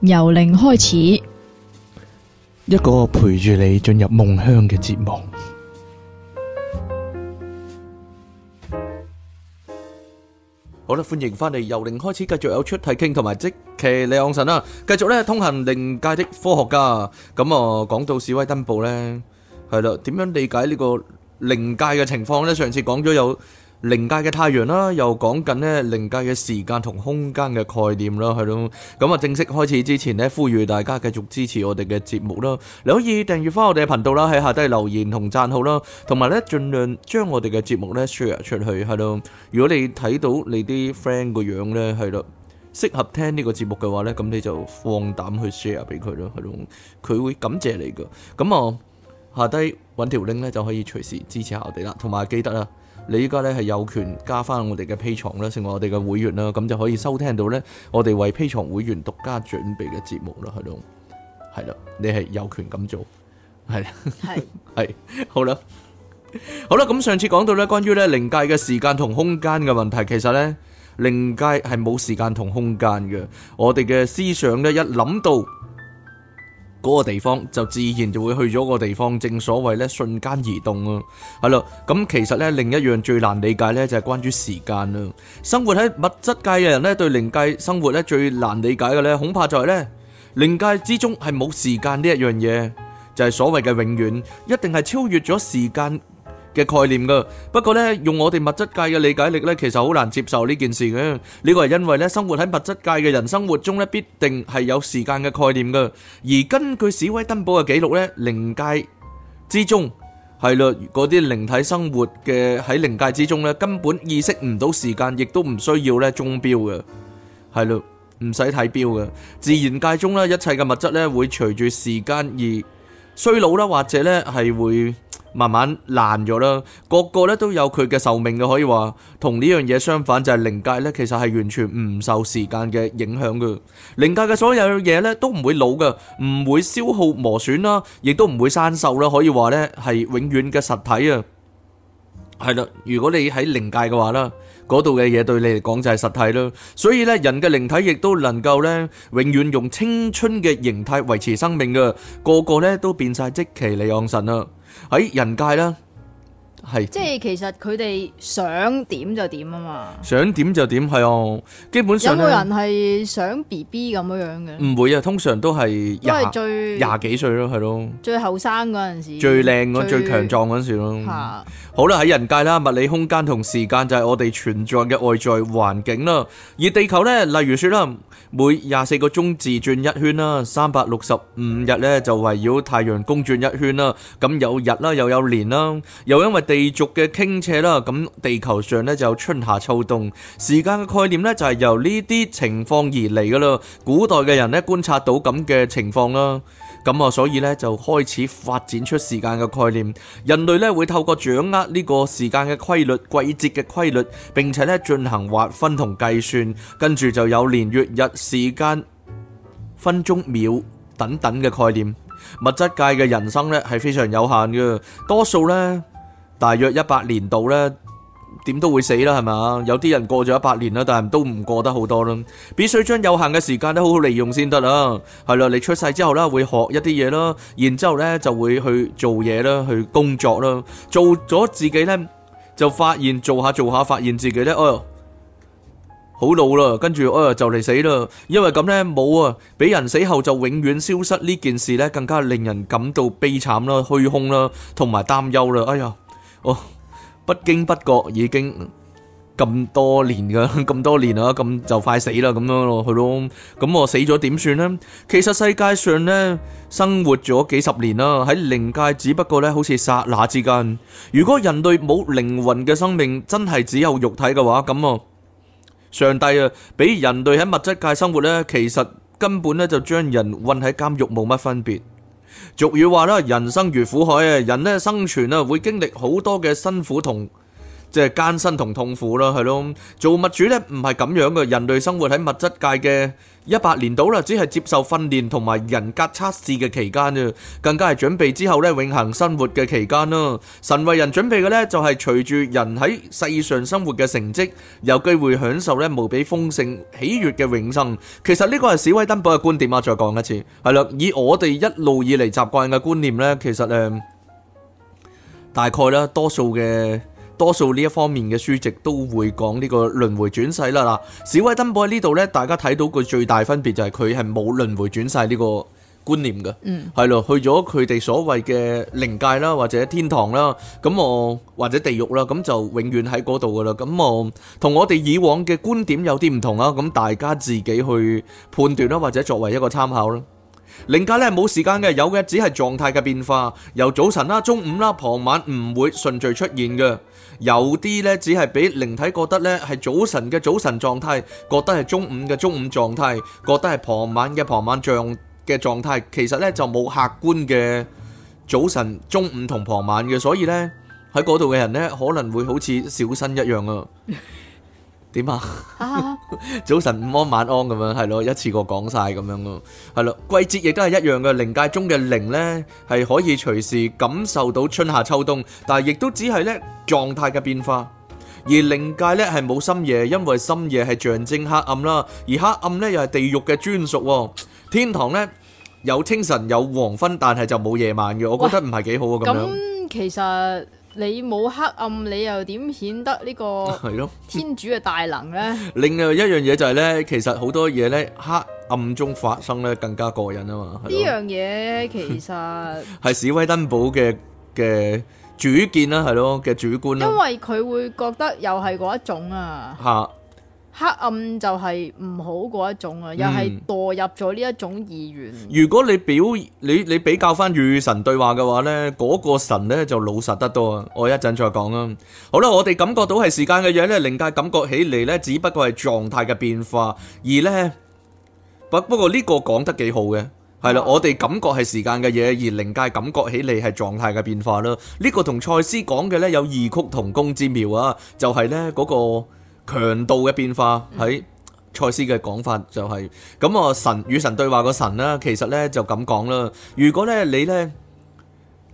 由零開始，一個陪住你進入夢鄉嘅節目。好啦，歡迎翻嚟由零開始，繼續有出體傾同埋即期李昂臣啦，繼續咧通行靈界的科學家。咁啊，講到示威登報咧，係啦，點樣理解呢個靈界嘅情況咧？上次講咗有。靈界嘅太陽啦，又講緊呢靈界嘅時間同空間嘅概念啦，係咯。咁啊，正式開始之前呢，呼籲大家繼續支持我哋嘅節目啦。你可以訂閱翻我哋嘅頻道啦，喺下低留言同讚好啦，同埋呢盡量將我哋嘅節目呢 share 出去係咯。如果你睇到你啲 friend 個樣呢，係咯，適合聽呢個節目嘅話呢，咁你就放膽去 share 俾佢咯，係咯，佢會感謝你噶。咁啊，下低揾條 link 呢，就可以隨時支持下我哋啦，同埋記得啊。你依家咧係有權加返我哋嘅 Patreon 啦，成為我哋嘅會員啦，咁就可以收聽到咧我哋為 Patreon 會員獨家準備嘅節目啦，係咯，係啦，你係有權咁做，係係係，好啦，好啦，咁上次講到咧關於咧靈界嘅時間同空間嘅問題，其實咧靈界係冇時間同空間嘅，我哋嘅思想咧一諗到。嗰個地方就自然就會去咗個地方，正所謂咧瞬間移動啊，係咯。咁其實咧另一樣最難理解咧就係關於時間啊。生活喺物質界嘅人咧對靈界生活咧最難理解嘅咧恐怕就係咧靈界之中係冇時間呢一樣嘢，就係所謂嘅永遠，一定係超越咗時間嘅概念噶，不過咧用我哋物質界嘅理解力咧，其實好難接受呢件事嘅。呢個係因為咧，生活喺物質界嘅人生活中咧，必定係有時間嘅概念噶。而根據史威登堡嘅記錄咧，靈界之中係咯，嗰啲靈體生活嘅喺靈界之中咧，根本意識唔到時間，亦都唔需要咧鐘錶嘅，係咯，唔使睇錶嘅。自然界中咧，一切嘅物質咧會隨住時間而衰老啦，或者咧係會。慢慢爛咗啦，個個咧都有佢嘅壽命嘅，可以話同呢樣嘢相反就係、是、靈界咧，其實係完全唔受時間嘅影響嘅。靈界嘅所有嘢咧都唔會老嘅，唔會消耗磨損啦，亦都唔會生銹啦，可以話咧係永遠嘅實體啊。係啦，如果你喺靈界嘅話啦，嗰度嘅嘢對你嚟講就係實體啦。所以咧，人嘅靈體亦都能夠咧永遠用青春嘅形態維持生命嘅，個個咧都變晒即期嚟昂神啊。喺人界啦。係，即係其實佢哋想點就點啊嘛，想點就點，係哦，基本上有冇人係想 B B 咁樣樣嘅？唔會啊，通常都係都係最廿幾歲咯，係咯，最後生嗰陣時，最靚嗰最強壯嗰陣時咯。吓，好啦，喺人界啦，物理空間同時間就係我哋存在嘅外在環境啦。而地球咧，例如說啦，每廿四個鐘自轉一圈啦，三百六十五日咧就圍繞太陽公轉一圈啦。咁有日啦，又有年啦，又因為地。地軸嘅傾斜啦，咁地球上呢，就春夏秋冬時間嘅概念呢，就係由呢啲情況而嚟噶咯。古代嘅人呢，觀察到咁嘅情況啦，咁啊所以呢，就開始發展出時間嘅概念。人類呢，會透過掌握呢個時間嘅規律、季節嘅規律，並且呢，進行劃分同計算，跟住就有年、月、日、時間、分鐘、秒等等嘅概念。物質界嘅人生呢，係非常有限嘅。多數呢。大約一百年度呢，點都會死啦，係咪？有啲人過咗一百年啦，但係都唔過得好多啦。必須將有限嘅時間呢，好好利用先得啦。係咯，你出世之後呢，會學一啲嘢啦，然之後呢就會去做嘢啦，去工作啦。做咗自己呢，就發現做下做下，發現自己呢，哎哦，好老啦，跟住哦就嚟死啦。因為咁呢，冇啊，俾人死後就永遠消失呢件事呢，更加令人感到悲慘啦、虛空啦，同埋擔憂啦。哎呀！哦，不經不覺已經咁多年噶，咁多年呀，咁就快死啦咁樣咯，係咯，咁我死咗點算呢？其實世界上呢，生活咗幾十年啦，喺靈界只不過呢，好似剎那之間。如果人類冇靈魂嘅生命，真係只有肉體嘅話，咁啊，上帝啊，俾人類喺物質界生活呢，其實根本呢就將人困喺監獄冇乜分別。俗語話啦，人生如苦海，人呢生存啊會經歷好多嘅辛苦同。即係艱辛同痛苦啦，係咯。做物主咧唔係咁樣嘅，人類生活喺物質界嘅一百年度啦，只係接受訓練同埋人格測試嘅期間啫，更加係準備之後咧永恆生活嘅期間咯。神為人準備嘅咧就係隨住人喺世上生活嘅成績，有機會享受咧無比豐盛喜悅嘅永生。其實呢個係史威登堡嘅觀點啊！再講一次，係啦，以我哋一路以嚟習慣嘅觀念咧，其實誒，大概啦，多數嘅。多數呢一方面嘅書籍都會講呢個輪迴轉世啦嗱，史威登堡喺呢度呢，大家睇到佢最大分別就係佢係冇輪迴轉世呢個觀念嘅，嗯，係咯，去咗佢哋所謂嘅靈界啦，或者天堂啦，咁我或者地獄啦，咁就永遠喺嗰度噶啦，咁我同我哋以往嘅觀點有啲唔同啊，咁大家自己去判斷啦，或者作為一個參考啦。靈界咧冇時間嘅，有嘅只係狀態嘅變化，由早晨啦、中午啦、傍晚唔會順序出現嘅。有啲呢，只係俾靈體覺得呢係早晨嘅早晨狀態，覺得係中午嘅中午狀態，覺得係傍晚嘅傍晚狀嘅狀態。其實呢，就冇客觀嘅早晨、中午同傍晚嘅，所以呢，喺嗰度嘅人呢，可能會好似小新一樣啊。點啊！早晨、午安、晚安咁樣係咯，一次過講晒咁樣咯，係咯。季節亦都係一樣嘅，靈界中嘅靈呢係可以隨時感受到春夏秋冬，但係亦都只係呢狀態嘅變化。而靈界呢係冇深夜，因為深夜係象徵黑暗啦，而黑暗呢又係地獄嘅專屬。天堂呢有清晨有黃昏，但係就冇夜晚嘅，我覺得唔係幾好啊咁樣。咁其實。你冇黑暗，你又點顯得呢個天主嘅大能咧？另外一樣嘢就係咧，其實好多嘢咧黑暗中發生咧更加過癮啊嘛！呢樣嘢其實係史威登堡嘅嘅主見啦，係咯嘅主觀啦，因為佢會覺得又係嗰一種啊。黑暗就係唔好嗰一種啊，嗯、又係墮入咗呢一種意願。如果你表你你比較返與神對話嘅話呢嗰、嗰個神呢就老實得多啊。我一陣再講啊。好啦，我哋感覺到係時間嘅嘢呢。靈界感覺起嚟呢，只不過係狀態嘅變化，而呢，不不過呢個講得幾好嘅，係啦，我哋感覺係時間嘅嘢，而靈界感覺起嚟係狀態嘅變化咯。呢、這個同賽斯講嘅呢，有異曲同工之妙啊，就係呢嗰個。強度嘅變化喺賽斯嘅講法就係咁啊。神與神對話個神咧，其實咧就咁講啦。如果咧你咧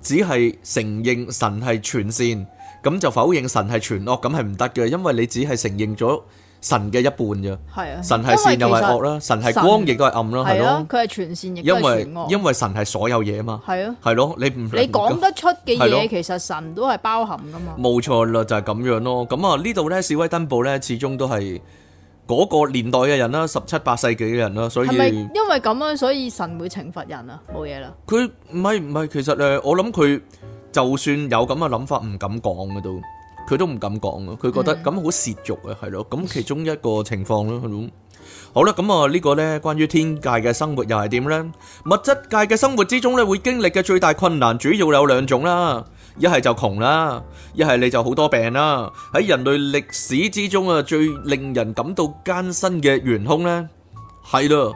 只係承認神係全善，咁就否認神係全惡，咁係唔得嘅，因為你只係承認咗。神嘅一半啫，係啊，神係善又係惡啦，神係光亦都係暗啦，係咯，佢係全善亦都係全惡，因為神係所有嘢啊嘛，係咯，係咯，你你講得出嘅嘢，其實神都係包含噶嘛，冇錯啦，就係咁樣咯。咁啊，呢度咧，史威登堡咧，始終都係嗰個年代嘅人啦，十七八世紀嘅人啦，所以因為咁樣，所以神會懲罰人啊，冇嘢啦。佢唔係唔係，其實誒，我諗佢就算有咁嘅諗法，唔敢講嘅都。佢都唔敢講啊！佢覺得咁好蝕慾啊，係咯。咁其中一個情況咯，好啦，咁啊呢個咧，關於天界嘅生活又係點咧？物質界嘅生活之中咧，會經歷嘅最大困難主要有兩種啦，一係就窮啦，一係你就好多病啦。喺人類歷史之中啊，最令人感到艱辛嘅元凶咧，係咯。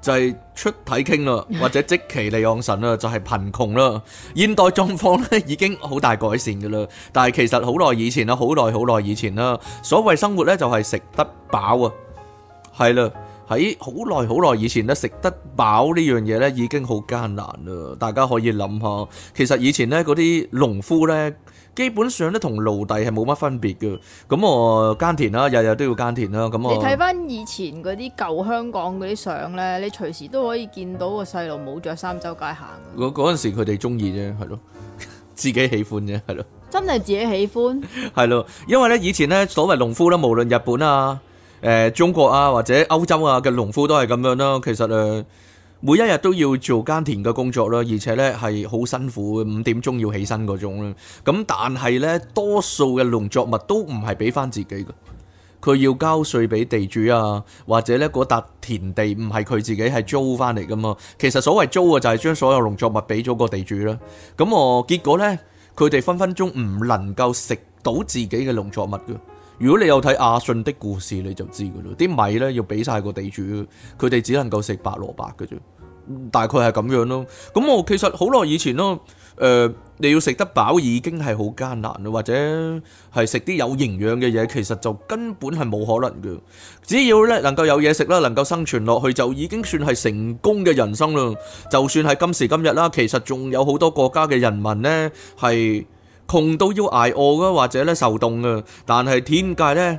就係出體傾啦，或者即其利昂神啦，就係、是、貧窮啦。現代狀況咧已經好大改善噶啦，但係其實好耐以前啦，好耐好耐以前啦，所謂生活咧就係食得飽啊，係啦，喺好耐好耐以前咧食得飽呢樣嘢咧已經好艱難啦。大家可以諗下，其實以前咧嗰啲農夫咧。基本上都同奴隸係冇乜分別嘅，咁我耕田啦，日日都要耕田啦。咁我你睇翻以前嗰啲舊香港嗰啲相咧，你隨時都可以見到個細路冇着衫周街行。嗰嗰陣時佢哋中意啫，係咯，自己喜歡啫，係咯，真係自己喜歡。係咯，因為咧以前咧所謂農夫啦，無論日本啊、誒、呃、中國啊或者歐洲啊嘅農夫都係咁樣咯。其實誒。呃每一日都要做耕田嘅工作啦，而且咧係好辛苦，五點鐘要起身嗰種啦。咁但係咧，多數嘅農作物都唔係俾翻自己嘅，佢要交稅俾地主啊，或者咧嗰笪田地唔係佢自己係租翻嚟噶嘛。其實所謂租啊就係將所有農作物俾咗個地主啦。咁我結果咧，佢哋分分鐘唔能夠食到自己嘅農作物噶。如果你有睇阿信的故事，你就知噶啦。啲米咧要俾晒個地主，佢哋只能夠食白蘿蔔嘅啫。大概係咁樣咯。咁我其實好耐以前咯，誒、呃、你要食得飽已經係好艱難啦，或者係食啲有營養嘅嘢，其實就根本係冇可能嘅。只要咧能夠有嘢食啦，能夠生存落去就已經算係成功嘅人生啦。就算係今時今日啦，其實仲有好多國家嘅人民呢係，窮到要捱餓啊，或者咧受凍啊，但係天界咧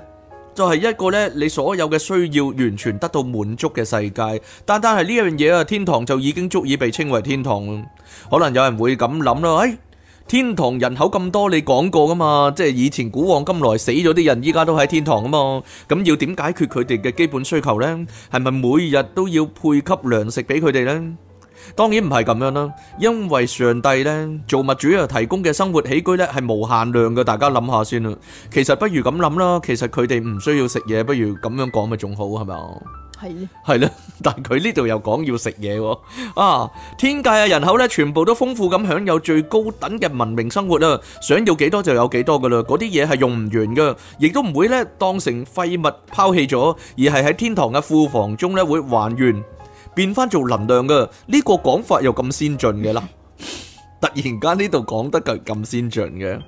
就係一個咧你所有嘅需要完全得到滿足嘅世界。單單係呢樣嘢啊，天堂就已經足以被稱為天堂咯。可能有人會咁諗啦，哎，天堂人口咁多，你講過噶嘛？即係以前古往今來死咗啲人，依家都喺天堂啊嘛。咁要點解決佢哋嘅基本需求咧？係咪每日都要配給糧食俾佢哋咧？當然唔係咁樣啦，因為上帝咧造物主啊，提供嘅生活起居咧係無限量嘅，大家諗下先啦。其實不如咁諗啦，其實佢哋唔需要食嘢，不如咁樣講咪仲好係咪啊？係，係啦，但係佢呢度又講要食嘢喎。啊，天界嘅人口咧全部都豐富咁享有最高等嘅文明生活啦，想要幾多就有幾多噶啦，嗰啲嘢係用唔完噶，亦都唔會咧當成廢物拋棄咗，而係喺天堂嘅庫房中咧會還原。變翻做能量噶，呢、這個講法又咁先進嘅啦。突然間呢度講得咁咁先進嘅，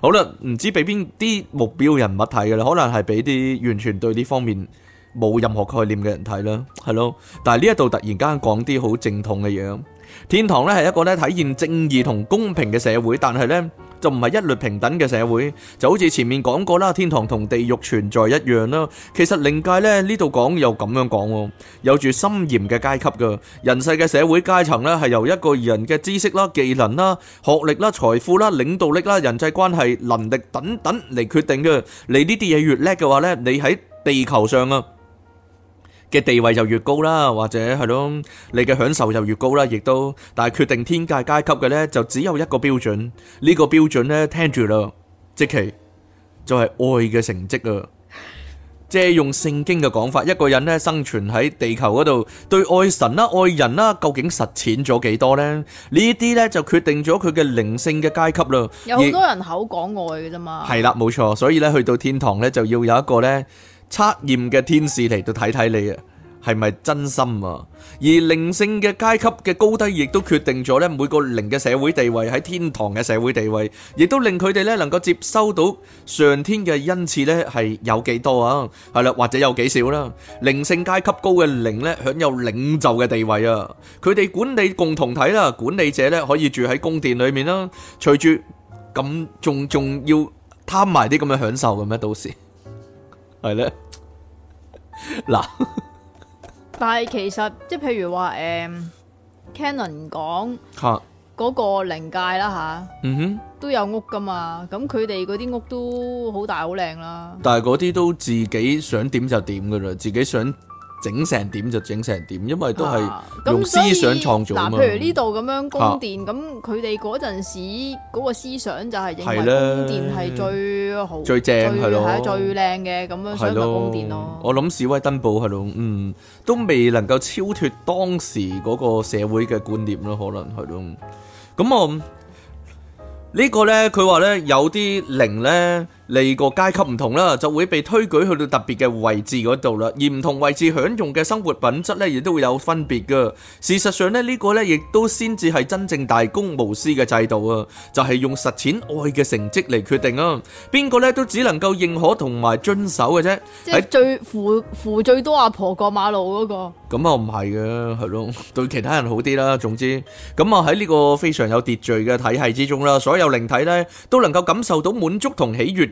好啦，唔知俾邊啲目標人物睇嘅啦，可能係俾啲完全對呢方面冇任何概念嘅人睇啦，係咯。但係呢一度突然間講啲好正統嘅嘢。天堂咧係一個咧體現正義同公平嘅社會，但係咧就唔係一律平等嘅社會。就好似前面講過啦，天堂同地獄存在一樣啦。其實靈界咧呢度講又咁樣講，有住森嚴嘅階級噶。人世嘅社會階層咧係由一個人嘅知識啦、技能啦、學歷啦、財富啦、領導力啦、人際關係、能力等等嚟決定嘅。你呢啲嘢越叻嘅話咧，你喺地球上啊～嘅地位就越高啦，或者係咯，你嘅享受就越高啦，亦都，但係決定天界階級嘅咧，就只有一個標準，呢個標準咧，聽住啦，即係就係愛嘅成績啊！即係用聖經嘅講法，一個人咧生存喺地球嗰度，對愛神啦、愛人啦，究竟實踐咗幾多咧？呢啲咧就決定咗佢嘅靈性嘅階級咯。有好多人口講愛嘅啫嘛。係啦，冇錯，所以咧去到天堂咧就要有一個咧。測驗嘅天使嚟到睇睇你啊，係咪真心啊？而靈性嘅階級嘅高低，亦都決定咗呢每個靈嘅社會地位喺天堂嘅社會地位，亦都令佢哋呢能夠接收到上天嘅恩賜呢係有幾多啊？係啦，或者有幾少啦？靈性階級高嘅靈呢享有領袖嘅地位啊，佢哋管理共同體啦，管理者呢可以住喺宮殿裏面啦。隨住咁仲仲要貪埋啲咁嘅享受嘅咩？到時？係咧，嗱是， 但係其實即係譬如話，誒、呃、，Canon 講嗰哈個靈界啦，嚇，嗯哼，都有屋噶嘛，咁佢哋嗰啲屋都好大好靚啦，但係嗰啲都自己想點就點噶啦，自己想。整成點就整成點，因為都係用思想創造啊、呃、譬如呢度咁樣供電，咁佢哋嗰陣時嗰個思想就係認為供電係最好、最正係最咯、最靚嘅咁樣一個供電咯。咯，我諗史威登堡係咯，嗯，都未能夠超脫當時嗰個社會嘅觀念咯，可能係咯。咁、嗯、我、這個、呢個咧，佢話咧有啲零咧。呢個階級唔同啦，就會被推舉去到特別嘅位置嗰度啦，而唔同位置享用嘅生活品質咧，亦都會有分別㗎。事實上咧，呢個咧亦都先至係真正大公無私嘅制度啊，就係用實踐愛嘅成績嚟決定啊。邊個咧都只能夠認可同埋遵守嘅啫。即係最扶扶最多阿婆過馬路嗰個。咁啊唔係嘅，係咯，對其他人好啲啦。總之，咁啊喺呢個非常有秩序嘅體系之中啦，所有靈體咧都能夠感受到滿足同喜悅。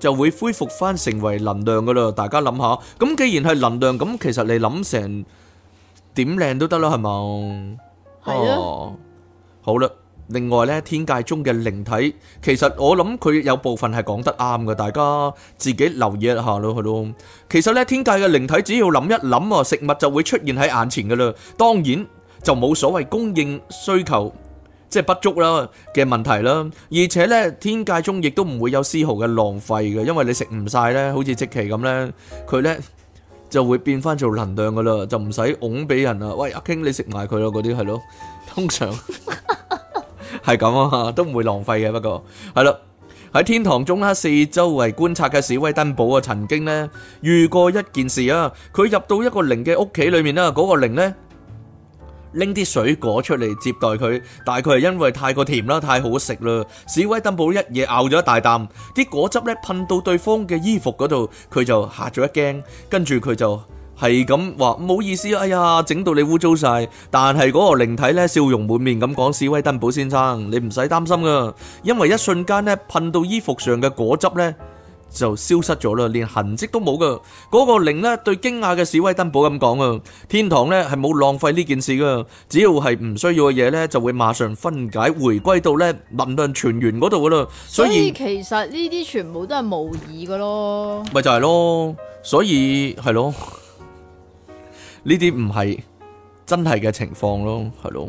就會恢復翻成為能量噶啦，大家諗下。咁既然係能量，咁其實你諗成點靚都得啦，係咪？係啊。好啦，另外呢，天界中嘅靈體，其實我諗佢有部分係講得啱噶，大家自己留意一下咯，係咯。其實呢，天界嘅靈體只要諗一諗啊，食物就會出現喺眼前噶啦。當然就冇所謂供應需求。即係不足啦嘅問題啦，而且咧天界中亦都唔會有絲毫嘅浪費嘅，因為你食唔晒咧，好似積奇咁咧，佢咧就會變翻做能量噶啦，就唔使㧬俾人啊！喂阿傾你食埋佢咯，嗰啲係咯，通常係咁啊，都唔會浪費嘅。不過係啦，喺天堂中啦，四周圍觀察嘅史威登堡啊，曾經咧遇過一件事啊，佢入到一個靈嘅屋企裏面啦，嗰個靈咧。拎啲水果出嚟接待佢，但佢係因為太過甜啦，太好食啦。史威登堡一嘢咬咗一大啖，啲果汁咧噴到對方嘅衣服嗰度，佢就吓咗一驚，跟住佢就係咁話唔好意思，哎呀，整到你污糟晒。但係嗰個靈體咧笑容滿面咁講，史威登堡先生，你唔使擔心噶，因為一瞬間咧噴到衣服上嘅果汁咧。就消失咗啦，連痕迹都冇噶。嗰、那個靈呢，對驚訝嘅史威登堡咁講啊，天堂呢係冇浪費呢件事噶，只要係唔需要嘅嘢呢，就會馬上分解回歸到呢能量全源嗰度噶啦。所以，所以其實呢啲全部都係模擬噶咯，咪就係咯，所以係咯，呢啲唔係真係嘅情況咯，係咯。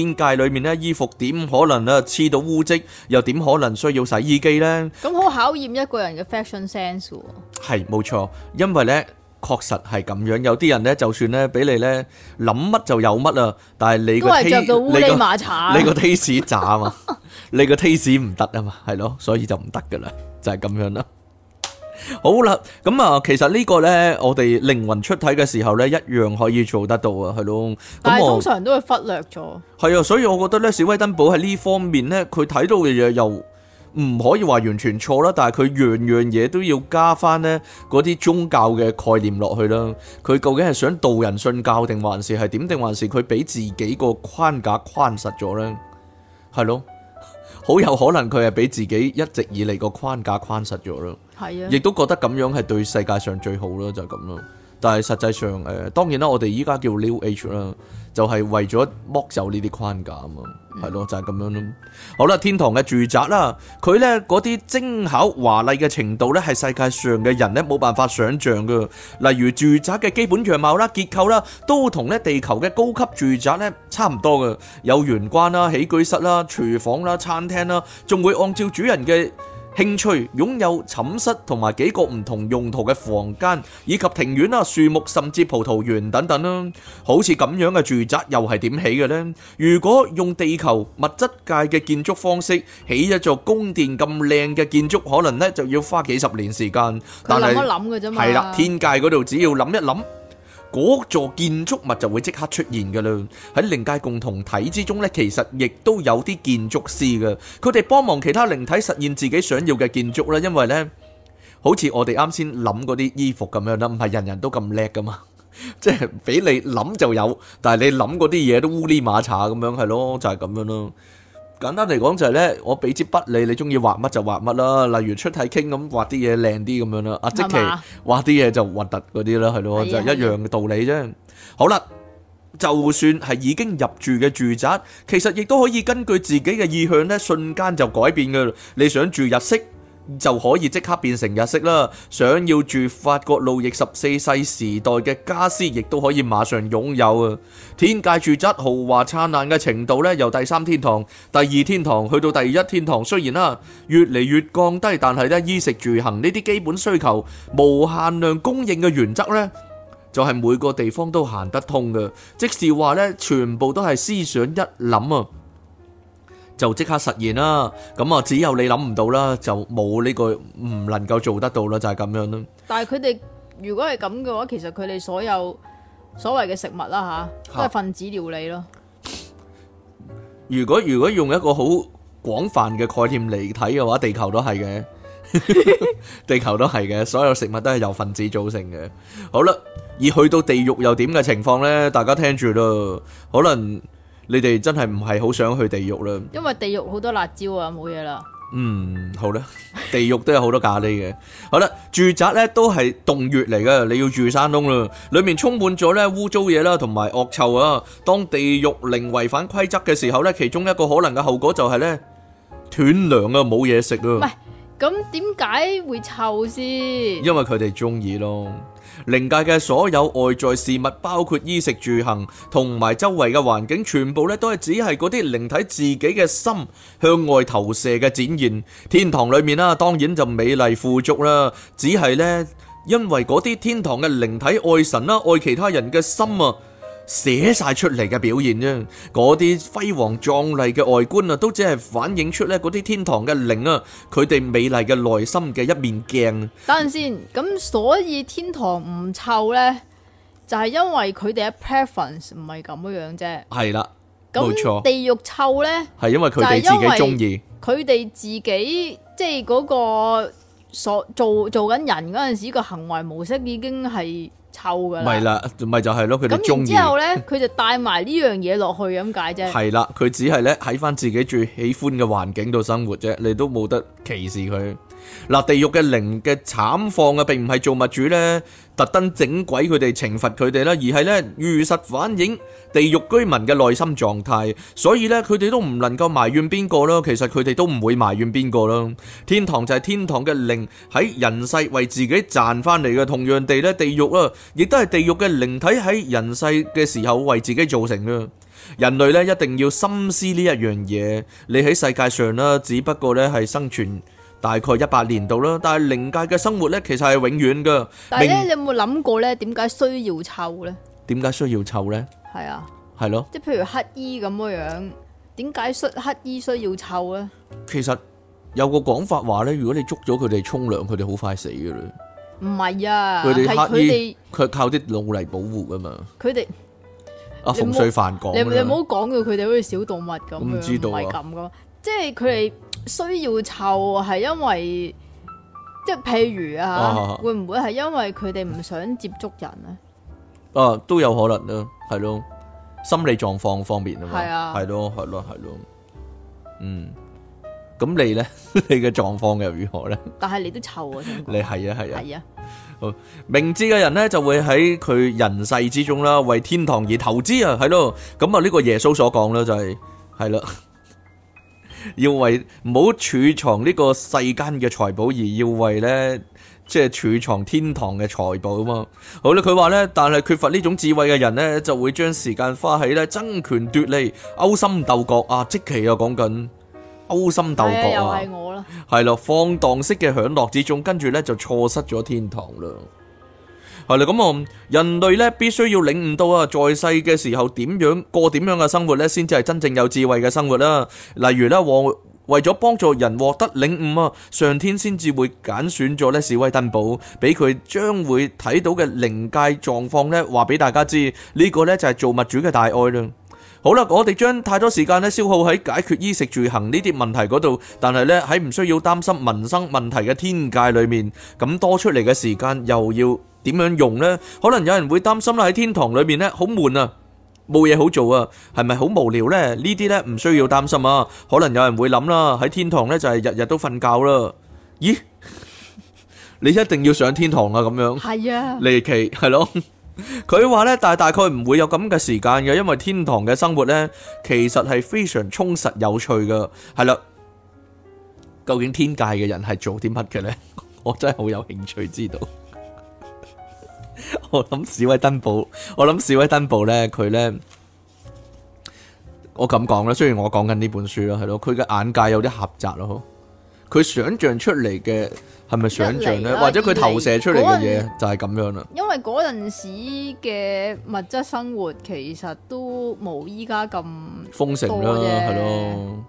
邊界裏面咧，衣服點可能咧黐到污漬，又點可能需要洗衣機咧？咁好考驗一個人嘅 fashion sense。係冇錯，因為咧確實係咁樣，有啲人咧就算咧俾你咧諗乜就有乜啦，但係你都係着到烏里馬茶，你個 taste 渣嘛？你個 taste 唔得啊嘛？係咯，所以就唔得噶啦，就係咁樣啦。好啦，咁啊，其實呢個呢，我哋靈魂出體嘅時候呢，一樣可以做得到啊，係咯。但係通常都會忽略咗。係啊、嗯，所以我覺得呢，史威登堡喺呢方面呢，佢睇到嘅嘢又唔可以話完全錯啦。但係佢樣樣嘢都要加翻呢嗰啲宗教嘅概念落去啦。佢究竟係想導人信教定還是係點定還是佢俾自己個框架框實咗呢？係咯，好有可能佢係俾自己一直以嚟個框架框實咗咯。係啊，亦都覺得咁樣係對世界上最好咯，就係咁咯。但係實際上誒，當然啦，我哋依家叫 New Age 啦，就係為咗剝走呢啲框架啊，係咯，就係咁樣咯。好啦，天堂嘅住宅啦，佢咧嗰啲精巧華麗嘅程度咧，係世界上嘅人咧冇辦法想象噶。例如住宅嘅基本樣貌啦、結構啦，都同咧地球嘅高級住宅咧差唔多噶，有玄關啦、起居室啦、廚房啦、餐廳啦，仲會按照主人嘅興趣擁有寢室同埋幾個唔同用途嘅房間，以及庭院啊、樹木甚至葡萄園等等啦。好似咁樣嘅住宅又係點起嘅呢？如果用地球物質界嘅建築方式起一座宮殿咁靚嘅建築，可能呢就要花幾十年時間。但係佢諗一諗嘅啫嘛。係啦，天界嗰度只要諗一諗。嗰座建築物就會即刻出現㗎啦！喺靈界共同體之中呢，其實亦都有啲建築師嘅，佢哋幫忙其他靈體實現自己想要嘅建築啦。因為呢，好似我哋啱先諗嗰啲衣服咁樣啦，唔係人人都咁叻噶嘛，即係俾你諗就有，但係你諗嗰啲嘢都烏哩馬查咁樣，係咯，就係咁樣咯。簡單嚟講就係咧，我俾支筆你，你中意畫乜就畫乜啦。例如出體傾咁畫啲嘢靚啲咁樣啦。阿即奇，畫啲嘢、啊、嗎就核突嗰啲啦，係咯，就係、是、一樣嘅道理啫。哎、呀好啦，就算係已經入住嘅住宅，其實亦都可以根據自己嘅意向咧，瞬間就改變㗎。你想住日式？就可以即刻變成日式啦！想要住法國路易十四世時代嘅家私，亦都可以馬上擁有啊！天界住宅豪華燦爛嘅程度咧，由第三天堂、第二天堂去到第一天堂，雖然啦越嚟越降低，但係呢，衣食住行呢啲基本需求，無限量供應嘅原則呢就係、是、每個地方都行得通嘅，即是話呢，全部都係思想一諗啊！就即刻實現啦！咁啊，只有你諗唔到啦，就冇呢個唔能夠做得到啦，就係、是、咁樣咯。但係佢哋如果係咁嘅話，其實佢哋所有所謂嘅食物啦吓、啊，都係分子料理咯。啊、如果如果用一個好廣泛嘅概念嚟睇嘅話，地球都係嘅， 地球都係嘅，所有食物都係由分子組成嘅。好啦，而去到地獄又點嘅情況呢？大家聽住咯，可能。你哋真係唔係好想去地獄啦，因為地獄好多辣椒啊，冇嘢啦。嗯，好啦，地獄都有好多咖喱嘅。 好啦，住宅呢都係洞穴嚟嘅，你要住山窿啦，裏面充滿咗呢污糟嘢啦，同埋惡臭啊。當地獄靈違反規則嘅時候呢，其中一個可能嘅後果就係呢斷糧啊，冇嘢食啊。唔係，咁點解會臭先？因為佢哋中意咯。靈界嘅所有外在事物，包括衣食住行，同埋周圍嘅環境，全部咧都係只係嗰啲靈體自己嘅心向外投射嘅展現。天堂裏面啦，當然就美麗富足啦，只係咧因為嗰啲天堂嘅靈體愛神啦，愛其他人嘅心啊。寫晒出嚟嘅表現啫，嗰啲輝煌壯麗嘅外觀啊，都只係反映出咧嗰啲天堂嘅靈啊，佢哋美麗嘅內心嘅一面鏡。等陣先，咁所以天堂唔臭咧，就係因為佢哋嘅 preference 唔係咁樣樣啫。係啦，咁。地獄臭咧，係因為佢哋自己中意，佢哋自己即係嗰個所做做緊人嗰陣時個行為模式已經係。唔係啦，咪就係、是、咯，佢哋中意。之後咧，佢就帶埋 呢樣嘢落去，咁解啫？係啦，佢只係咧喺返自己最喜歡嘅環境度生活啫，你都冇得歧視佢。嗱，地獄嘅靈嘅慘況啊，並唔係造物主咧特登整鬼佢哋懲罰佢哋啦，而係咧如實反映地獄居民嘅內心狀態。所以咧，佢哋都唔能夠埋怨邊個囉。其實佢哋都唔會埋怨邊個囉。天堂就係天堂嘅靈喺人世為自己賺翻嚟嘅，同樣地咧，地獄啊，亦都係地獄嘅靈體喺人世嘅時候為自己造成嘅。人類咧一定要深思呢一樣嘢，你喺世界上啦，只不過咧係生存。大概一百年度啦，但係靈界嘅生活咧，其實係永遠噶。但係咧，你有冇諗過咧？點解需要臭咧？點解需要臭咧？係啊，係咯，即係譬如乞衣咁樣樣，點解需乞衣需要臭咧？其實有個講法話咧，如果你捉咗佢哋沖涼，佢哋好快死噶啦。唔係啊，係佢哋，佢係靠啲腦嚟保護噶嘛。佢哋阿馮水凡講，你你唔好講到佢哋好似小動物咁樣，唔係咁噶，即係佢哋。需要臭係因為即係譬如啊，會唔會係因為佢哋唔想接觸人咧？哦，都有可能啊，係咯，心理狀況方面啊嘛，係啊，係咯，係咯，係咯，嗯，咁你咧，你嘅狀況又如何咧？但係你都臭啊，你係啊，係啊，係啊，明智嘅人咧就會喺佢人世之中啦，為天堂而投資啊，係咯，咁啊呢個耶穌所講咧就係係啦。要為唔好儲藏呢個世間嘅財寶，而要為呢，即係儲藏天堂嘅財寶啊嘛。好啦，佢話呢，但係缺乏呢種智慧嘅人呢，就會將時間花喺呢爭權奪利、勾心鬥角啊。即奇又講緊勾心鬥角啊，係咯，放蕩式嘅享樂之中，跟住呢，就錯失咗天堂啦。係啦，咁啊，人類咧必須要領悟到啊，在世嘅時候點樣過點樣嘅生活咧，先至係真正有智慧嘅生活啦。例如咧，為為咗幫助人獲得領悟啊，上天先至會揀選咗咧史威登堡，俾佢將會睇到嘅靈界狀況咧，話俾大家知。呢個咧就係造物主嘅大愛啦。好啦，我哋將太多時間咧消耗喺解決衣食住行呢啲問題嗰度，但係咧喺唔需要擔心民生問題嘅天界裏面，咁多出嚟嘅時間又要點樣用咧？可能有人會擔心啦，喺天堂裏面咧，好悶啊，冇嘢好做啊，係咪好無聊咧？呢啲咧唔需要擔心啊。可能有人會諗啦，喺天堂咧就係日日都瞓覺啦。咦？你一定要上天堂啊？咁樣係啊？離奇係咯。佢話咧，但係大概唔會有咁嘅時間嘅，因為天堂嘅生活咧，其實係非常充實有趣㗎。係啦，究竟天界嘅人係做啲乜嘅咧？我真係好有興趣知道。我諗《史威登堡》，我諗《史威登堡》咧，佢咧，我咁講啦，雖然我講緊呢本書啦，係咯，佢嘅眼界有啲狹窄咯，佢想象出嚟嘅係咪想象咧？或者佢投射出嚟嘅嘢就係咁樣啦。因為嗰陣時嘅物質生活其實都冇依家咁豐盛啦，係咯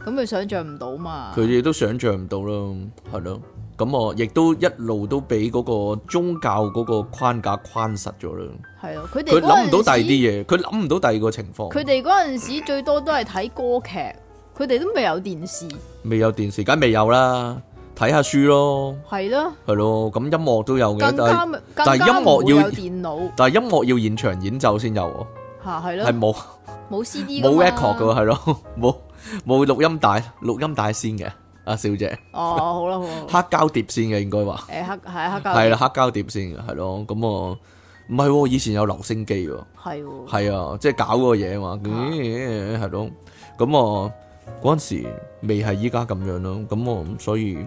已，咁佢想象唔到嘛，佢亦都想象唔到咯，係咯。咁啊，亦都一路都俾嗰個宗教嗰個框架框實咗咯。係咯，佢諗唔到第二啲嘢，佢諗唔到第二個情況。佢哋嗰陣時最多都係睇歌劇，佢哋都未有電視。未有電視，梗係未有啦，睇下書咯。係咯，係咯。咁音樂都有嘅，但係但係音樂要電腦，但係音樂要現場演奏先有。嚇係咯，係冇冇 CD，冇 Echo 嘅喎，係咯，冇冇錄音帶，錄音帶先嘅。阿小姐，哦，好啦黑膠碟先嘅，應該話，誒、欸、黑、係、啊、黑膠，係啦、啊、黑膠碟先嘅係咯，咁啊唔係以前有留聲機喎，係喎、啊，係啊即係搞個嘢嘛，係、嗯、咯，咁啊嗰陣、啊、時未係依家咁樣咯，咁我所以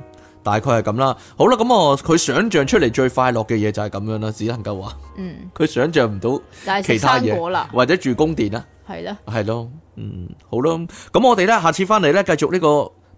大概係咁啦，好啦、啊、咁我，佢想象出嚟最快樂嘅嘢就係咁樣啦，只能夠話，嗯，佢想象唔到其他嘢啦，或者住宮殿啦，係啦，係咯，嗯，好啦，咁我哋咧下次翻嚟咧繼續呢、呢個。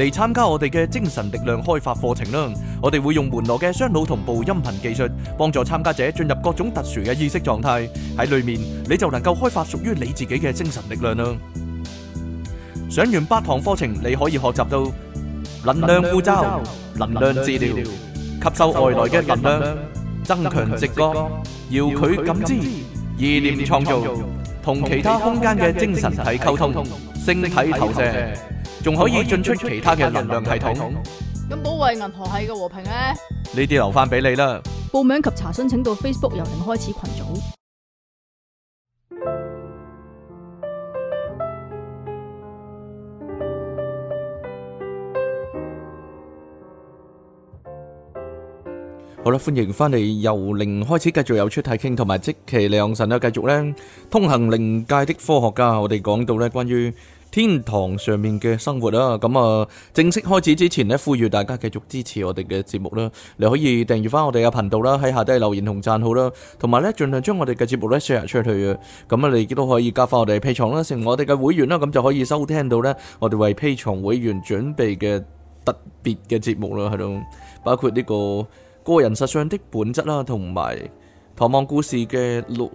嚟參加我哋嘅精神力量開發課程啦！我哋會用門羅嘅雙腦同步音頻技術，幫助參加者進入各種特殊嘅意識狀態。喺裡面你就能夠開發屬於你自己嘅精神力量啦！上完八堂課程，你可以學習到能量護罩、能量治療、吸收外來嘅能量、增強直覺、遙距感知、意念創造、同其他空間嘅精神體溝通。晶體投射，仲可以進出其他嘅能量系統。咁保衛銀河系嘅和平咧？呢啲留翻俾你啦。報名及查詢，請到 Facebook 由零開始群組。好啦，歡迎翻嚟由零開始，繼續有出睇傾，同埋即期李養臣咧，繼續咧通行靈界的科學家，我哋講到咧關於。天堂上面嘅生活啦，咁啊正式開始之前呢，呼籲大家繼續支持我哋嘅節目啦。你可以訂閱翻我哋嘅頻道啦，喺下低留言同讚好啦，同埋呢，盡量將我哋嘅節目呢 share 出去啊。咁啊，你亦都可以加翻我哋 Patreon 啦，成為我哋嘅會員啦，咁就可以收聽到呢，我哋為 Patreon 會員準備嘅特別嘅節目啦，係咯，包括呢、這個個人實相的本質啦，同埋《唐望故事》嘅錄。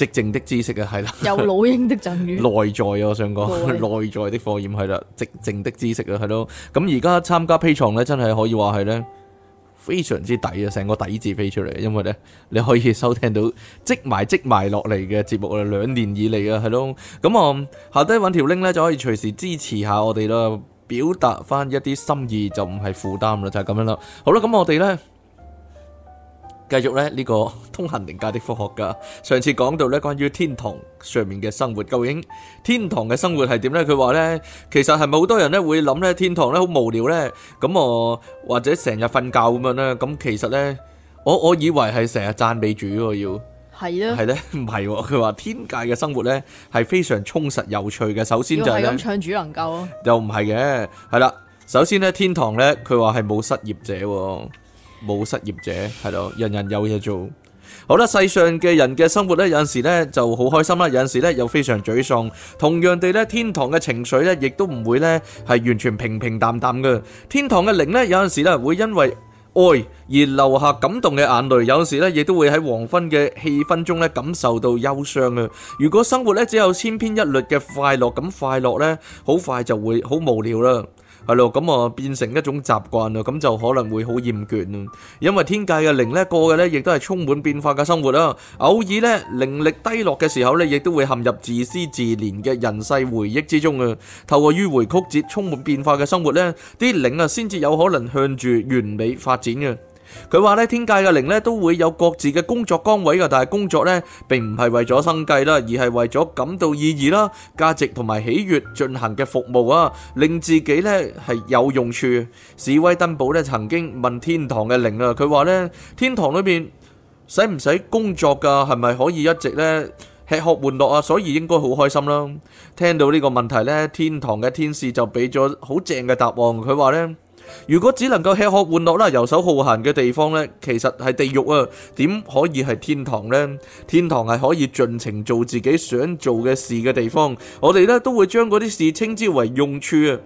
寂靜的知識啊，係啦，有老鷹的贈語，內在啊，我想講內在的火焰係啦，寂靜的，的知識啊，係咯，咁而家參加 Patreon 咧，真係可以話係咧，非常之抵啊，成個底字飛出嚟，因為咧你可以收聽到積埋積埋落嚟嘅節目啦，兩年以嚟啊，係咯，咁啊下低揾條 link 咧就可以隨時支持下我哋咯，表達翻一啲心意就唔係負擔啦，就係咁、就是、樣啦，好啦，咁我哋咧。繼續咧呢個通行靈界的科學家，上次講到咧關於天堂上面嘅生活，究竟天堂嘅生活係點咧？佢話咧，其實係咪好多人咧會諗咧天堂咧好無聊咧？咁我或者成日瞓覺咁樣咧？咁其實咧，我我以為係成日讚美主要係咯，係咧唔係？佢話天界嘅生活咧係非常充實有趣嘅。首先就係、是、咁唱主能救能夠啊，又唔係嘅，係啦。首先咧天堂咧，佢話係冇失業者。冇失業者，係咯，人人有嘢做。好啦，世上嘅人嘅生活咧，有陣時咧就好開心啦，有陣時咧又非常沮喪。同樣地咧，天堂嘅情緒咧，亦都唔會咧係完全平平淡淡嘅。天堂嘅靈咧，有陣時咧會因為愛而流下感動嘅眼淚，有時咧亦都會喺黃昏嘅氣氛中咧感受到憂傷嘅。如果生活咧只有千篇一律嘅快樂咁快樂咧，好快就會好無聊啦。係咯，咁啊、嗯、變成一種習慣啦，咁就可能會好厭倦啦。因為天界嘅靈咧過嘅咧，亦都係充滿變化嘅生活啦，啊。偶爾咧靈力低落嘅時候咧，亦都會陷入自私自憐嘅人世回憶之中啊。透過迂回曲折、充滿變化嘅生活咧，啲靈啊先至有可能向住完美發展嘅。佢話咧，天界嘅靈咧都會有各自嘅工作崗位噶，但係工作咧並唔係為咗生計啦，而係為咗感到意義啦、價值同埋喜悅進行嘅服務啊，令自己咧係有用處。史威登堡咧曾經問天堂嘅靈啊，佢話咧，天堂裏邊使唔使工作噶？係咪可以一直咧吃喝玩樂啊？所以應該好開心啦。聽到呢個問題咧，天堂嘅天使就俾咗好正嘅答案，佢話咧。如果只能夠吃喝玩樂啦，遊手好閒嘅地方咧，其實係地獄啊！點可以係天堂呢？天堂係可以盡情做自己想做嘅事嘅地方，我哋咧都會將嗰啲事稱之為用處啊！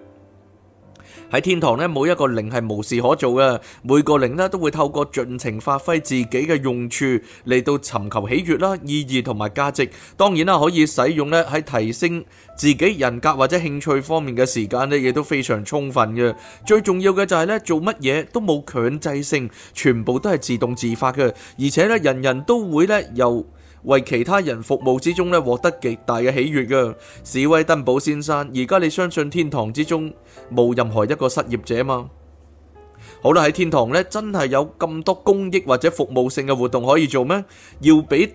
喺天堂咧，冇一個靈係無事可做嘅，每個靈咧都會透過盡情發揮自己嘅用處嚟到尋求喜悅啦、意義同埋價值。當然啦，可以使用咧喺提升自己人格或者興趣方面嘅時間咧，亦都非常充分嘅。最重要嘅就係咧，做乜嘢都冇強制性，全部都係自動自發嘅，而且咧，人人都會咧由……為其他人服務之中呢，獲得極大嘅喜悦噶，史威登堡先生。而家你相信天堂之中冇任何一個失業者嘛？好啦，喺天堂呢，真係有咁多公益或者服務性嘅活動可以做咩？要俾。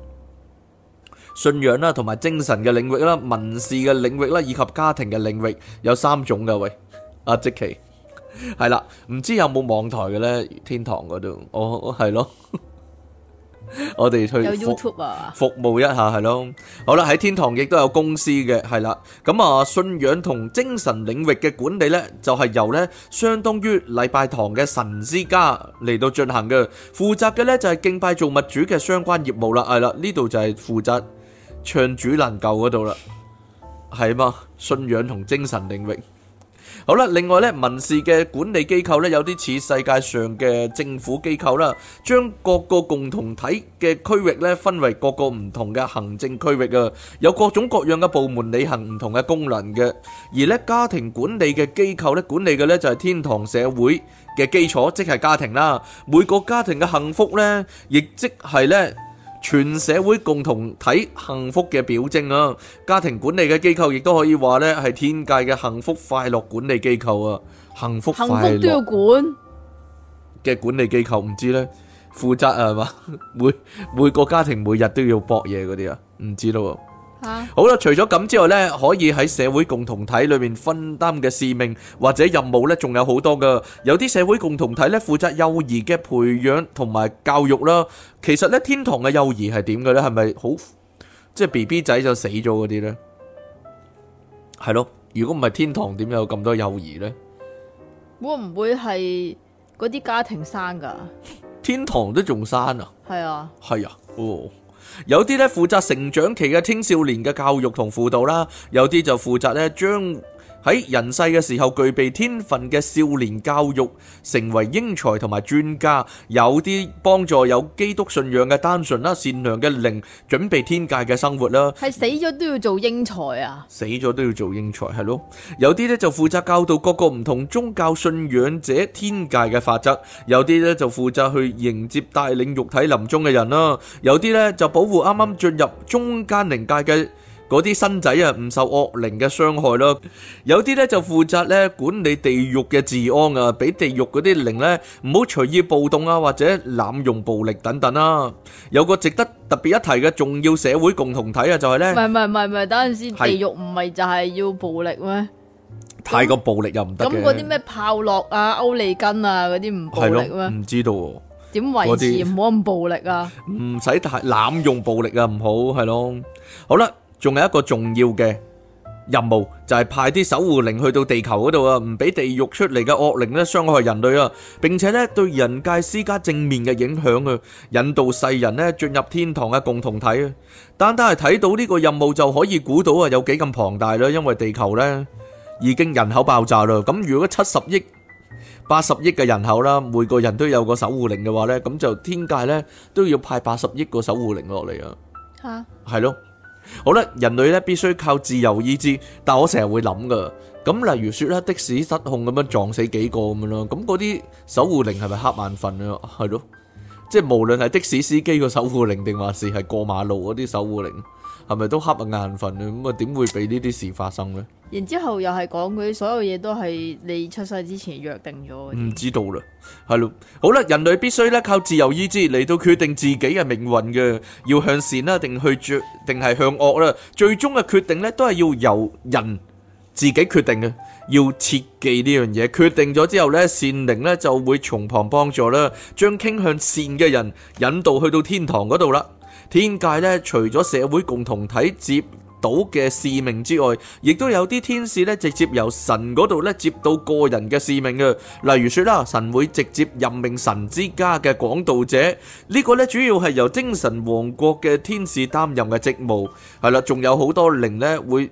信仰啦，同埋精神嘅領域啦，民事嘅領域啦，以及家庭嘅領域，有三種噶喂，阿積奇係啦，唔知有冇網台嘅呢？天堂嗰度，哦係咯，我哋去有 YouTube 啊，服務一下係咯。好啦，喺天堂亦都有公司嘅，係啦。咁啊，信仰同精神領域嘅管理呢，就係由呢相當於禮拜堂嘅神之家嚟到進行嘅，負責嘅呢就係敬拜造物主嘅相關業務啦。係啦，呢度就係負責。唱主能救嗰度啦，係嘛？信仰同精神領域。好啦，另外咧，民事嘅管理機構咧，有啲似世界上嘅政府機構啦，將各個共同體嘅區域咧，分為各個唔同嘅行政區域啊，有各種各樣嘅部門履行唔同嘅功能嘅。而咧家庭管理嘅機構咧，管理嘅咧就係天堂社會嘅基礎，即係家庭啦。每個家庭嘅幸福咧，亦即係咧。全社會共同睇幸福嘅表徵啊！家庭管理嘅機構亦都可以話呢，係天界嘅幸福快樂管理機構啊！幸福快樂都要管嘅管理機構，唔知呢負責啊嘛？每每個家庭每日都要搏嘢嗰啲啊，唔知咯、啊、～好啦，除咗咁之外咧，可以喺社會共同體裏面分擔嘅使命或者任務咧，仲有好多噶。有啲社會共同體咧，負責幼兒嘅培養同埋教育啦。其實咧，天堂嘅幼兒係點嘅咧？係咪好？即係 BB 仔就死咗嗰啲咧？係咯，如果唔係天堂，點有咁多幼兒咧？會唔會係嗰啲家庭生噶？天堂都仲生啊？係啊，係啊，哦。有啲咧，負責成長期嘅青少年嘅教育同輔導啦，有啲就負責咧將。喺人世嘅時候具備天分嘅少年教育，成為英才同埋專家，有啲幫助有基督信仰嘅單純啦、善良嘅靈，準備天界嘅生活啦。係死咗都要做英才啊！死咗都要做英才，係咯。有啲呢就負責教導各個唔同宗教信仰者天界嘅法則，有啲呢就負責去迎接帶領肉體臨終嘅人啦，有啲呢就保護啱啱進入中間靈界嘅。嗰啲新仔啊，唔受惡靈嘅傷害咯。有啲咧就負責咧管理地獄嘅治安啊，俾地獄嗰啲靈咧唔好隨意暴動啊，或者濫用暴力等等啦。有個值得特別一提嘅重要社會共同體啊，就係咧，唔係唔係唔係，等陣先。地獄唔係就係要暴力咩？太過暴力又唔得。咁嗰啲咩炮烙啊、歐利根啊嗰啲唔暴力咩？唔知道。點維持唔好咁暴力啊？唔使太濫用暴力啊，唔好係咯。好啦。仲有一個重要嘅任務，就係派啲守護靈去到地球嗰度啊，唔俾地獄出嚟嘅惡靈咧傷害人類啊，並且咧對人界施加正面嘅影響啊，引導世人咧進入天堂嘅共同體啊。單單係睇到呢個任務就可以估到啊，有幾咁龐大啦，因為地球咧已經人口爆炸啦。咁如果七十億、八十億嘅人口啦，每個人都有個守護靈嘅話咧，咁就天界咧都要派八十億個守護靈落嚟啊。吓，係咯。好啦，人類咧必須靠自由意志，但我成日會諗噶。咁例如說啦，的士失控咁樣撞死幾個咁樣咯，咁嗰啲守護靈係咪瞌眼瞓啊？係咯，即係無論係的士司機個守護靈定還是係過馬路嗰啲守護靈，係咪都瞌眼瞓啊？咁啊點會俾呢啲事發生咧？然之後又係講佢所有嘢都係你出世之前約定咗唔知道啦，係咯，好啦，人類必須咧靠自由意志嚟到決定自己嘅命運嘅，要向善啦，定去著定係向惡啦。最終嘅決定咧都係要由人自己決定嘅，要切記呢樣嘢。決定咗之後咧，善靈咧就會從旁幫助啦，將傾向善嘅人引導去到天堂嗰度啦。天界咧除咗社會共同體接島嘅使命之外，亦都有啲天使咧，直接由神嗰度咧接到個人嘅使命嘅。例如説啦，神會直接任命神之家嘅講道者，這個、呢個咧主要係由精神王國嘅天使擔任嘅職務，係啦，仲有好多靈咧會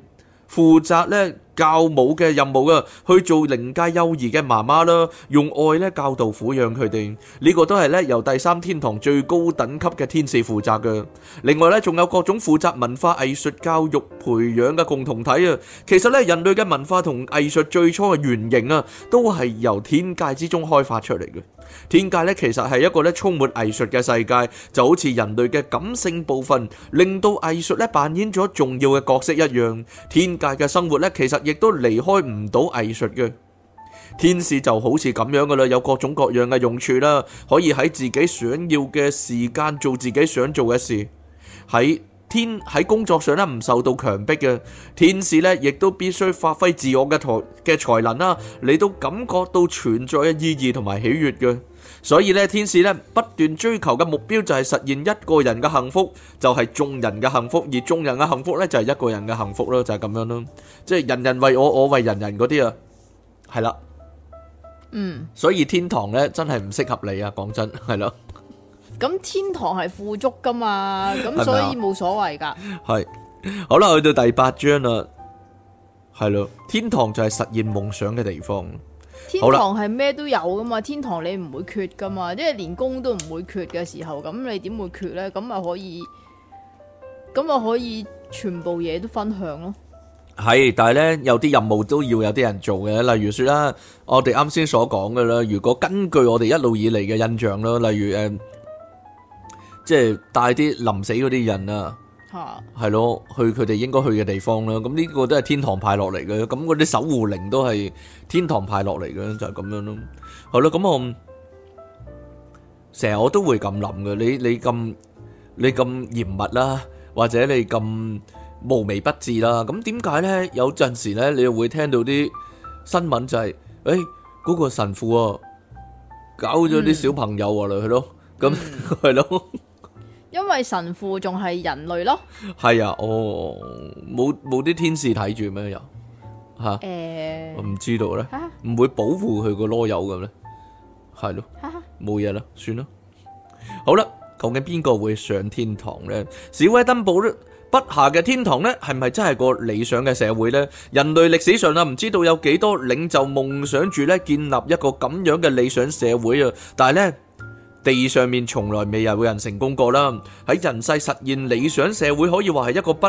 負責咧。教母嘅任務啊，去做靈界幼兒嘅媽媽啦，用愛咧教導撫養佢哋。呢個都係咧由第三天堂最高等級嘅天使負責嘅。另外咧，仲有各種負責文化、藝術、教育、培養嘅共同體啊。其實咧，人類嘅文化同藝術最初嘅原型啊，都係由天界之中開發出嚟嘅。天界咧，其實係一個咧充滿藝術嘅世界，就好似人類嘅感性部分，令到藝術咧扮演咗重要嘅角色一樣。天界嘅生活咧，其實亦都離開唔到藝術嘅。天使就好似咁樣嘅啦，有各種各樣嘅用處啦，可以喺自己想要嘅時間做自己想做嘅事，喺。天喺工作上咧唔受到強迫嘅，天使咧亦都必須發揮自我嘅才嘅才能啦，你都感覺到存在嘅意義同埋喜悅嘅，所以咧天使咧不斷追求嘅目標就係實現一個人嘅幸福，就係眾人嘅幸福，而眾人嘅幸福咧就係一個人嘅幸福咯，就係咁樣咯，即係人人為我，我為人人嗰啲啊，係啦，嗯，所以天堂咧真係唔適合你啊，講真係咯。咁天堂係富足噶嘛，咁所以冇所謂噶。係，好啦，去到第八章啦，係咯，天堂就係實現夢想嘅地方。天堂係咩吧都有噶嘛，天堂你唔會缺噶嘛，即係連工都唔會缺嘅時候，咁你點會缺呢？咁咪可以，咁咪可以全部嘢都分享咯。係，但係呢，有啲任務都要有啲人做嘅，例如說啦，我哋啱先所講嘅啦，如果根據我哋一路以嚟嘅印象咯，例如誒。呃即係帶啲臨死嗰啲人啊，係咯，去佢哋應該去嘅地方啦。咁呢個都係天堂派落嚟嘅，咁嗰啲守護靈都係天堂派落嚟嘅，就係咁樣咯。係咯，咁我成日我都會咁諗嘅。你你咁你咁嚴密啦，或者你咁無微不至啦。咁點解咧？有陣時咧，你又會聽到啲新聞就係，誒，嗰個神父啊，搞咗啲小朋友落去咯，咁係咯。因為神父仲係人類咯，係啊，哦，冇冇啲天使睇住咩又吓？誒，我唔知道咧，唔會保護佢個囉柚咁咧，係咯，冇嘢啦，算啦。好啦，究竟邊個會上天堂咧？史威登堡筆下嘅天堂咧，係咪真係個理想嘅社會咧？人類歷史上啊，唔知道有幾多領袖夢想住咧，建立一個咁樣嘅理想社會啊，但係咧。地上面從來未有人成功過啦，喺人世實現理想社會可以話係一個不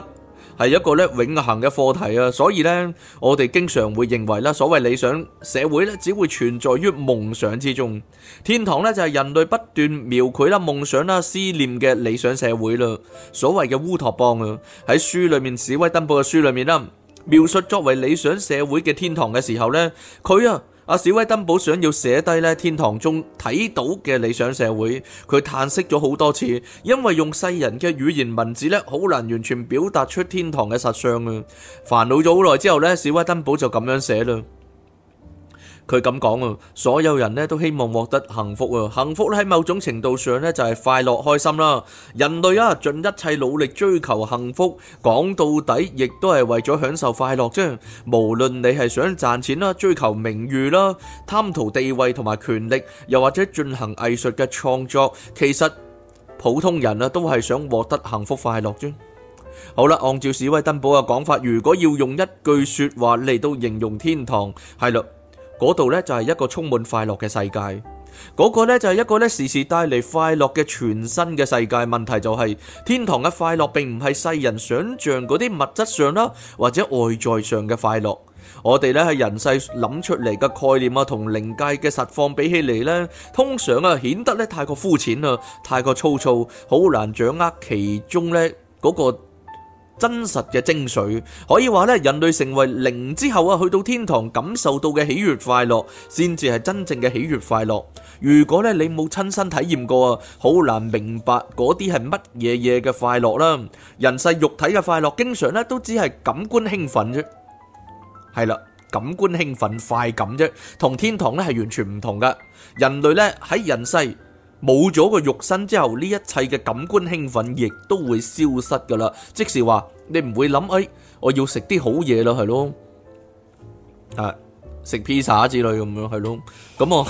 係一個咧永恆嘅課題啊！所以咧，我哋經常會認為啦，所謂理想社會咧，只會存在於夢想之中。天堂咧就係人類不斷描繪啦、夢想啦、思念嘅理想社會啦。所謂嘅烏托邦啊，喺書裏面《史威登堡嘅書》裏面啦，描述作為理想社會嘅天堂嘅時候咧，佢啊。阿史威登堡想要寫低咧天堂中睇到嘅理想社會，佢嘆息咗好多次，因為用世人嘅語言文字咧，好難完全表達出天堂嘅實相啊！煩惱咗好耐之後咧，史威登堡就咁樣寫啦。佢咁講啊，所有人呢都希望獲得幸福啊！幸福呢喺某種程度上呢就係快樂、開心啦。人類啊，盡一切努力追求幸福，講到底亦都係為咗享受快樂啫。無論你係想賺錢啦、追求名譽啦、貪圖地位同埋權力，又或者進行藝術嘅創作，其實普通人啊都係想獲得幸福、快樂啫。好啦，按照史威登堡嘅講法，如果要用一句説話嚟到形容天堂，係啦。嗰度呢，就係一個充滿快樂嘅世界，嗰、嗰個呢，就係一個呢時時帶嚟快樂嘅全新嘅世界。問題就係、是、天堂嘅快樂並唔係世人想象嗰啲物質上啦，或者外在上嘅快樂。我哋呢，喺人世諗出嚟嘅概念啊，同靈界嘅實況比起嚟呢，通常啊顯得呢，太過膚淺啊，太過粗糙，好難掌握其中呢，嗰個。真實嘅精髓，可以話咧，人類成為靈之後啊，去到天堂感受到嘅喜悅快樂，先至係真正嘅喜悅快樂。如果咧，你冇親身體驗過啊，好難明白嗰啲係乜嘢嘢嘅快樂啦。人世肉體嘅快樂，經常咧都只係感官興奮啫，係啦，感官興奮快感啫，同天堂咧係完全唔同噶。人類咧喺人世。冇咗個肉身之後，呢一切嘅感官興奮亦都會消失㗎啦。即係話，你唔會諗，哎，我要食啲好嘢啦，係咯，係食披薩之類咁樣，係咯，咁我，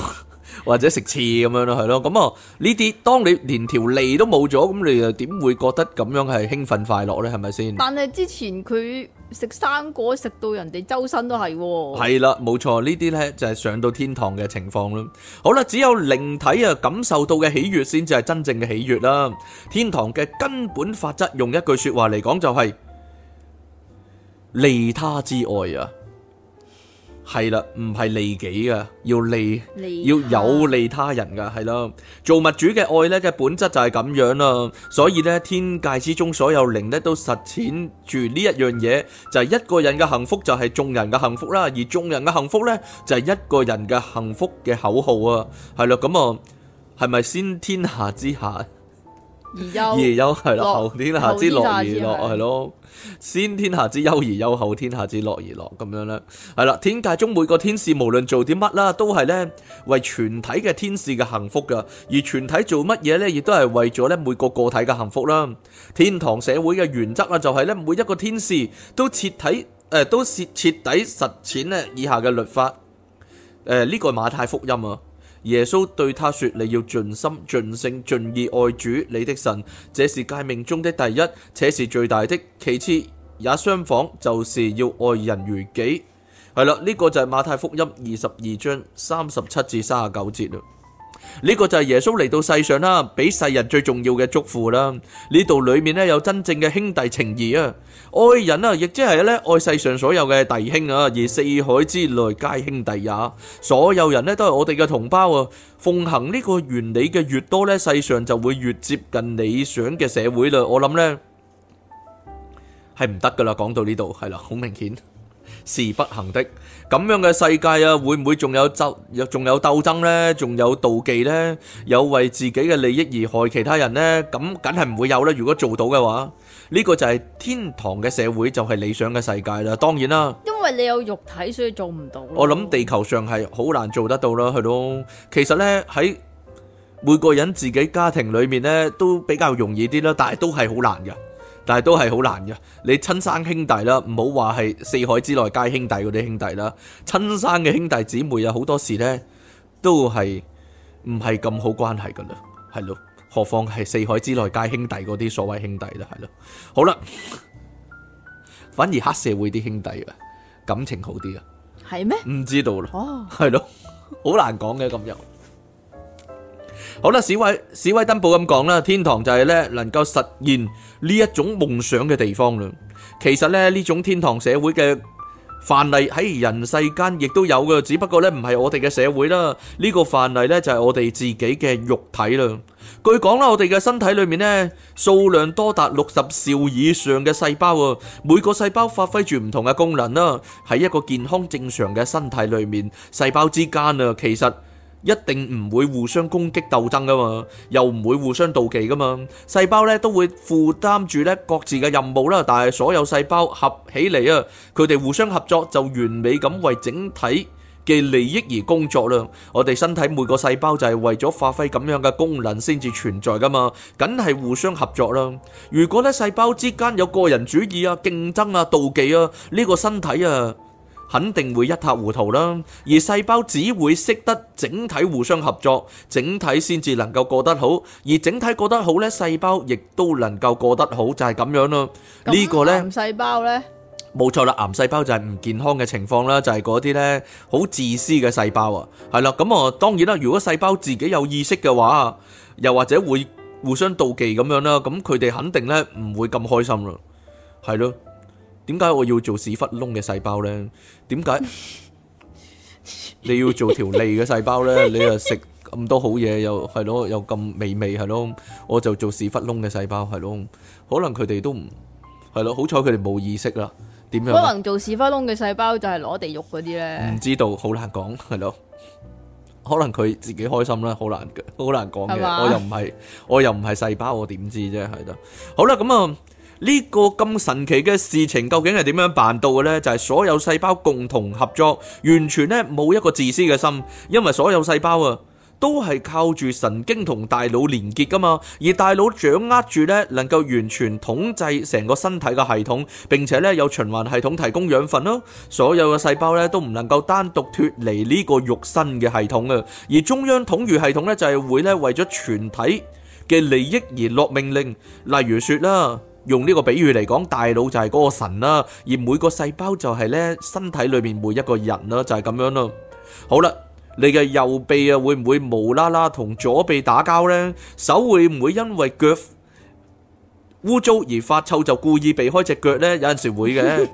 或者食刺咁樣咯，係咯，咁啊呢啲，當你連條脷都冇咗，咁你又點會覺得咁樣係興奮快樂呢？係咪先？但係之前佢食生果食到人哋周身都係、哦。係啦，冇錯，呢啲呢，就係、是、上到天堂嘅情況啦。好啦，只有靈體啊感受到嘅喜，喜悅，先至係真正嘅喜悅啦。天堂嘅根本法則，用一句說話嚟講就係利他之愛啊。係啦，唔係利己噶，要利，要有利他人噶，係咯。造物主嘅愛咧嘅本質就係咁樣啦、啊。所以咧，天界之中所有靈咧都實踐住呢一樣嘢，就係、是、一個人嘅幸福就係眾人嘅幸福啦，而眾人嘅幸福咧就係、是、一個人嘅幸福嘅口號啊。係咯，咁啊，係咪先天下之下？而憂係啦，後天下之樂而樂係咯，先天下之憂而憂，後天下之樂而樂咁樣咧，係啦。天界中每個天使無論做啲乜啦，都係咧為全體嘅天使嘅幸福噶，而全體做乜嘢咧，亦都係為咗咧每個個體嘅幸福啦。天堂社會嘅原則啊，就係咧每一個天使都徹體誒都徹徹底實踐咧以下嘅律法，誒、呃、呢、呢個馬太福音啊。耶穌對他說：你要盡心、盡性、盡意愛主你的神，這是誡命中的第一，且是最大的。其次也相仿，就是要愛人如己。係啦，呢個就係馬太福音二十二章三十七至三十九節啦。呢個就係耶穌嚟到世上啦，俾世人最重要嘅祝福啦。呢度裏面呢，有真正嘅兄弟情誼啊！愛人，亦即係愛世上所有嘅弟兄，而四海之內皆兄弟也，所有人呢都係我哋嘅同胞，奉行呢個原理嘅越多呢，世上就會越接近理想嘅社會啦。我諗呢，係唔得㗎喇。講到呢度，係喇，好明顯，事不行的。咁樣嘅世界呀，會唔會仲有，仲有鬥爭呢？仲有妒忌呢？有為自己嘅利益而害其他人呢？咁，梗係唔會有呢。如果做到嘅話，呢個就係天堂嘅社會，就係理想嘅世界啦。當然啦，因為你有肉體，所以做唔到。我諗地球上係好難做得到啦，係咯，其實呢，喺每個人自己家庭裏面呢，都比較容易啲啦。但係都係好難嘅，但係都係好難嘅。你親生兄弟啦，唔好話係四海之內皆兄弟嗰啲兄弟啦，親生嘅兄弟姊妹啊，好多時呢，都係唔係咁好關係噶啦，係咯。何況係四海之內皆兄弟嗰啲所謂兄弟啦，係咯。好啦，反而黑社會啲兄弟啊，感情好啲啊，係咩？唔知道咯，哦，係咯，好難講嘅咁樣。好啦，史威史威登堡咁講啦，天堂就係咧能夠實現呢一種夢想嘅地方啦。其實咧呢種天堂社會嘅，範例喺人世間亦都有嘅，只不過咧唔係我哋嘅社會啦。呢、這個範例咧就係我哋自己嘅肉體啦。據講啦，我哋嘅身體裏面咧，數量多達六十兆以上嘅細胞啊，每個細胞發揮住唔同嘅功能啦。喺一個健康正常嘅身體裏面，細胞之間啊，其實。一定唔會互相攻擊鬥爭噶嘛，又唔會互相妒忌噶嘛。細胞咧都會負擔住咧各自嘅任務啦，但係所有細胞合起嚟啊，佢哋互相合作就完美咁為整體嘅利益而工作啦。我哋身體每個細胞就係為咗發揮咁樣嘅功能先至存在噶嘛，梗係互相合作啦。如果咧細胞之間有個人主義啊、競爭啊、妒忌啊，呢、這個身體啊～肯定會一塌糊塗啦，而細胞只會識得整體互相合作，整體先至能夠過得好，而整體過得好咧，細胞亦都能夠過得好，就係咁樣咯。呢個咧，癌細胞咧，冇錯啦，癌細胞就係唔健康嘅情況啦，就係嗰啲咧好自私嘅細胞啊，係啦，咁啊，當然啦，如果細胞自己有意識嘅話，又或者會互相妒忌咁樣啦，咁佢哋肯定咧唔會咁開心咯，係咯。點解我要做屎忽窿嘅細胞咧？點解 你要做條脷嘅細胞咧？ 你又食咁多好嘢，又係咯，又咁美味係咯？我就做屎忽窿嘅細胞係咯，可能佢哋都唔係咯。好彩佢哋冇意識啦。點樣？可能做屎忽窿嘅細胞就係攞地獄嗰啲咧？唔知道，好難講係咯。可能佢自己開心啦，好難，好難講嘅吧。我又唔係，我又唔係細胞，我點知啫？係咯。好啦，咁啊。呢個咁神奇嘅事情究竟係點樣辦到嘅呢？就係所有細胞共同合作，完全呢冇一個自私嘅心，因為所有細胞啊都係靠住神經同大腦連結噶嘛。而大腦掌握住呢能夠完全統制成個身體嘅系統，並且呢有循環系統提供養分咯。所有嘅細胞呢都唔能夠單獨脱離呢個肉身嘅系統啊。而中央統御系統呢，就係會呢為咗全體嘅利益而落命令，例如說啦。用呢個比喻嚟講，大腦就係嗰個神啦，而每個細胞就係咧身體裏面每一個人啦，就係咁樣啦。好啦，你嘅右臂啊會唔會無啦啦同左臂打交呢？手會唔會因為腳污糟而發臭就故意避開隻腳呢？有陣時會嘅。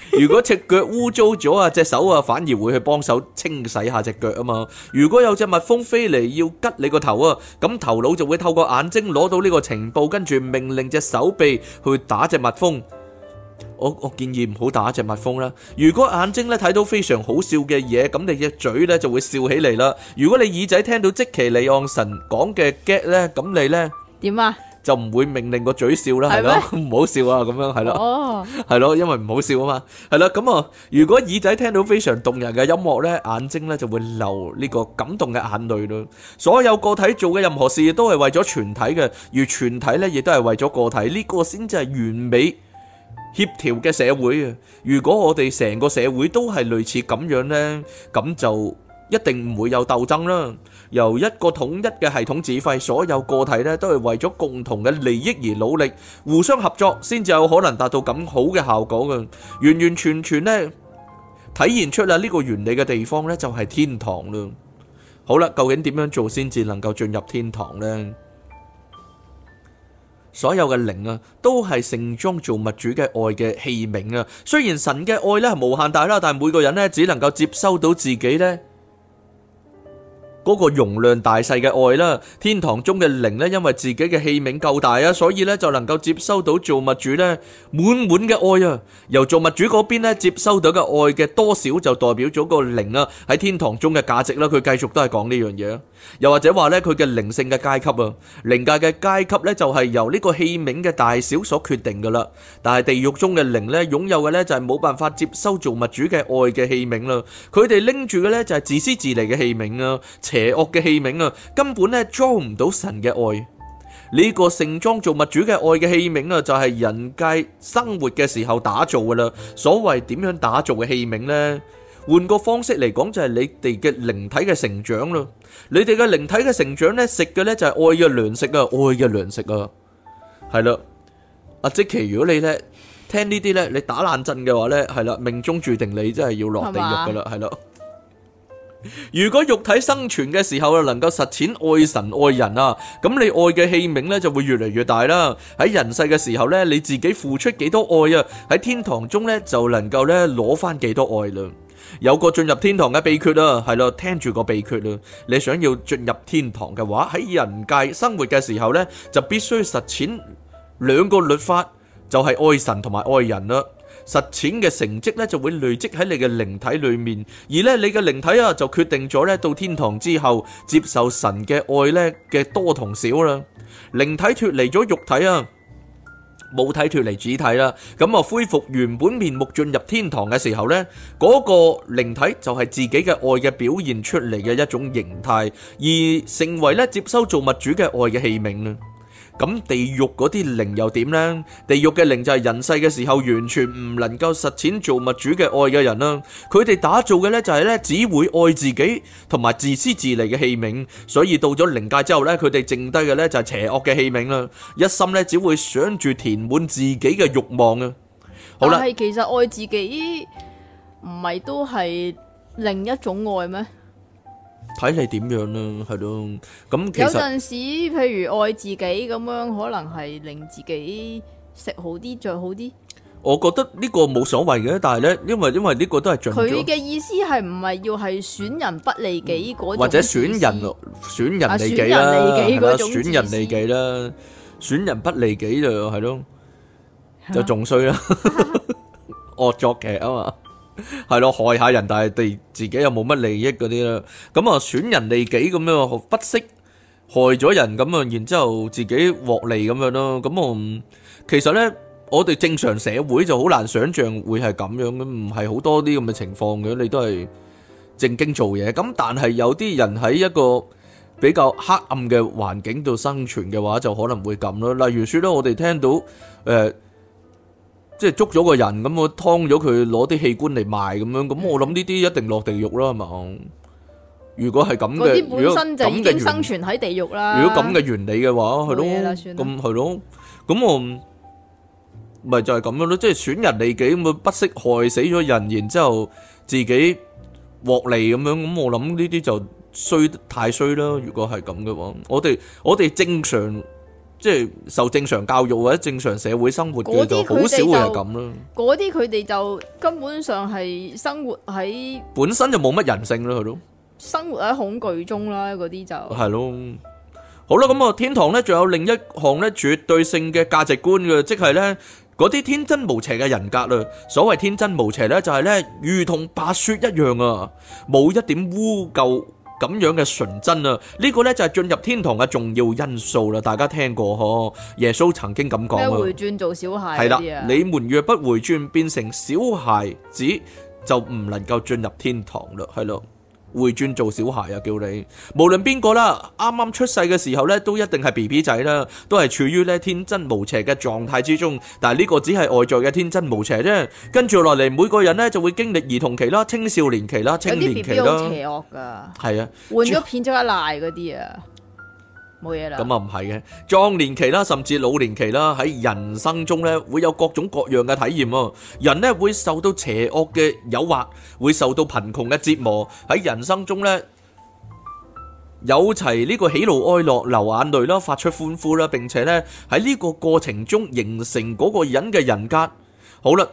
如果隻腳污糟咗啊，隻手啊反而會去幫手清洗下隻腳啊嘛。如果有隻蜜蜂飛嚟要吉你個頭啊，咁頭腦就會透過眼睛攞到呢個情報，跟住命令隻手臂去打隻蜜蜂。我我建議唔好打隻蜜蜂啦。如果眼睛咧睇到非常好笑嘅嘢，咁你隻嘴咧就會笑起嚟啦。如果你耳仔聽到即其利昂神講嘅 gag 咧，咁你咧點啊？就唔會命令個嘴笑啦，係咯嗎，唔好笑啊，咁樣係咯，係咯、oh. 因為唔好笑啊嘛，係啦，咁啊，如果耳仔聽到非常動人嘅音樂呢，眼睛呢就會流呢個感動嘅眼淚咯。所有個體做嘅任何事都係為咗全體嘅，而全體呢亦都係為咗個體，呢、呢個先至係完美協調嘅社會啊！如果我哋成個社會都係類似咁樣呢，咁就～一定唔會有鬥爭啦，由一個統一嘅系統指揮，所有個體呢都係為咗共同嘅利益而努力，互相合作，先至有可能達到咁好嘅效果嘅。完完全全呢，體現出啦呢個原理嘅地方呢就係天堂啦。好啦，究竟點樣做先至能夠進入天堂呢？所有嘅靈啊，都係盛裝造物主嘅愛嘅器皿啊。雖然神嘅愛呢係無限大啦，但係每個人呢只能夠接收到自己呢。嗰個容量大細嘅愛啦，天堂中嘅靈咧，因為自己嘅器皿夠大啊，所以咧就能夠接收到造物主咧滿滿嘅愛啊。由造物主嗰邊咧接收到嘅愛嘅多少，就代表咗個靈啊喺天堂中嘅價值啦。佢繼續都係講呢樣嘢，又或者話咧佢嘅靈性嘅階級啊，靈界嘅階級咧就係由呢個器皿嘅大小所決定噶啦。但係地獄中嘅靈咧擁有嘅咧就係冇辦法接收造物主嘅愛嘅器皿啦，佢哋拎住嘅咧就係自私自利嘅器皿啊。邪惡嘅器皿啊，根本咧裝唔到神嘅愛。呢個盛裝做物主嘅愛嘅器皿啊，就係人界生活嘅時候打造噶啦。所謂點樣打造嘅器皿咧，換個方式嚟講就係你哋嘅靈體嘅成長咯。你哋嘅靈體嘅成長咧，食嘅咧就係愛嘅糧食啊，愛嘅糧食啊，係啦。阿即奇，如果你咧聽呢啲咧，你打爛陣嘅話咧，係啦，命中注定你真係要落地獄噶啦，係咯。如果肉體生存嘅時候啊，能夠實踐愛神愛人啊，咁你愛嘅器皿咧就會越嚟越大啦。喺人世嘅時候咧，你自己付出幾多愛啊，喺天堂中咧就能夠咧攞翻幾多愛啦。有個進入天堂嘅秘訣啊，係咯，聽住個秘訣咯。你想要進入天堂嘅話，喺人界生活嘅時候咧，就必須實踐兩個律法，就係愛神同埋愛人啦。實踐嘅成績咧，就會累積喺你嘅靈體裏面，而咧你嘅靈體啊，就決定咗咧到天堂之後接受神嘅愛咧嘅多同少啦。靈體脫離咗肉體啊，母體脫離子體啦，咁啊恢復原本面目進入天堂嘅時候咧，嗰個靈體就係自己嘅愛嘅表現出嚟嘅一種形態，而成為咧接收造物主嘅愛嘅器皿啦。咁地獄嗰啲靈又點咧？地獄嘅靈就係人世嘅時候完全唔能夠實踐造物主嘅愛嘅人啦。佢哋打造嘅咧就係咧只會愛自己同埋自私自利嘅器皿，所以到咗靈界之後咧，佢哋剩低嘅咧就係邪惡嘅器皿啦。一心咧只會想住填滿自己嘅慾望啊。好啦，但係其實愛自己唔係都係另一種愛咩？睇你點樣啦，係咯，咁其實有陣時，譬如愛自己咁樣，可能係令自己食好啲、着好啲。我覺得呢個冇所謂嘅，但係咧，因為因為呢個都係盡佢嘅意思係唔係要係損人不利己嗰，或者損人咯，損人利己啦，損人利己啦，損人不利己就係咯，就仲衰啦，惡作劇啊嘛。係咯，害下人，但係地自己又冇乜利益嗰啲啦。咁啊，損人利己咁樣，不惜害咗人，咁樣，然之後自己獲利咁樣咯。咁我其實咧，我哋正常社會就好難想象會係咁樣咁，唔係好多啲咁嘅情況嘅。你都係正經做嘢，咁但係有啲人喺一個比較黑暗嘅環境度生存嘅話，就可能會咁咯。例如說咧，我哋聽到誒。即係捉咗個人咁，我劏咗佢攞啲器官嚟賣咁樣，咁、嗯、我諗呢啲一定落地獄啦，係嘛？如果係咁嘅，本身就已經生存喺地獄啦，如果咁嘅原理嘅話，係咯咁，係咯，咁我咪就係咁樣咯，即係損人利己咁，不惜害死咗人，然之後自己獲利咁樣，咁我諗呢啲就衰太衰啦！嗯、如果係咁嘅話，我哋我哋正常。即係受正常教育或者正常社會生活嘅就好少會係咁咯。嗰啲佢哋就根本上係生活喺本身就冇乜人性啦，佢都生活喺恐懼中啦。嗰啲就係咯。好啦，咁啊，天堂咧，仲有另一項咧，絕對性嘅價值觀嘅，即係咧嗰啲天真無邪嘅人格啦。所謂天真無邪咧，就係咧如同白雪一樣啊，冇一點污垢。咁樣嘅純真啊，呢、呢個呢就係進入天堂嘅重要因素啦。大家聽過嗬，耶穌曾經咁講啊，回轉做小孩，係啦，你們若不回轉變成小孩子，就唔能夠進入天堂啦。係咯。會轉做小孩啊！叫你無論邊個啦，啱啱出世嘅時候呢，都一定係 B B 仔啦，都係處於呢天真無邪嘅狀態之中。但係呢個只係外在嘅天真無邪啫。跟住落嚟，每個人呢就會經歷兒童期啦、青少年期啦、青年期啦。有啲 B B 都好邪惡噶。係啊，換咗片就一賴嗰啲啊。冇嘢啦，咁啊唔係嘅，壯年期啦，甚至老年期啦，喺人生中咧會有各種各樣嘅體驗啊，人咧會受到邪惡嘅誘惑，會受到貧窮嘅折磨，喺人生中咧有齊呢個喜怒哀樂，流眼淚啦，發出歡呼啦，並且咧喺呢個過程中形成嗰個人嘅人格。好啦。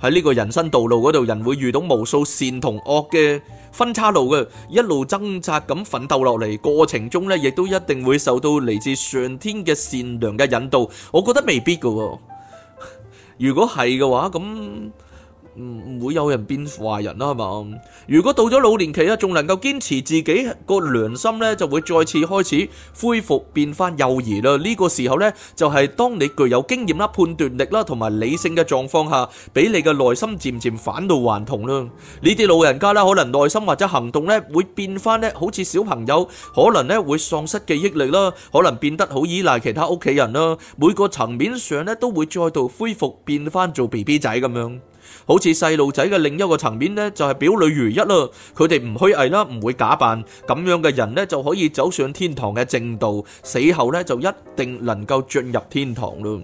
喺呢個人生道路嗰度，人會遇到無數善同惡嘅分岔路嘅，一路掙扎咁奮鬥落嚟，過程中咧，亦都一定會受到嚟自上天嘅善良嘅引導。我覺得未必㗎喎，如果係嘅話，咁。唔唔、嗯、會有人變壞人啦，係嘛？如果到咗老年期啊，仲能夠堅持自己個良心呢，就會再次開始恢復變翻幼兒啦。呢、這個時候呢，就係、是、當你具有經驗啦、判斷力啦同埋理性嘅狀況下，俾你嘅內心漸漸返到還童啦。呢啲老人家呢，可能內心或者行動呢，會變翻呢，好似小朋友，可能呢，會喪失記憶力啦，可能變得好依賴其他屋企人啦。每個層面上呢，都會再度恢復變翻做 BB 仔咁樣。好似細路仔嘅另一個層面咧，就係表裏如一咯。佢哋唔虛偽啦，唔會假扮。咁樣嘅人咧，就可以走上天堂嘅正道，死後咧就一定能夠進入天堂咯。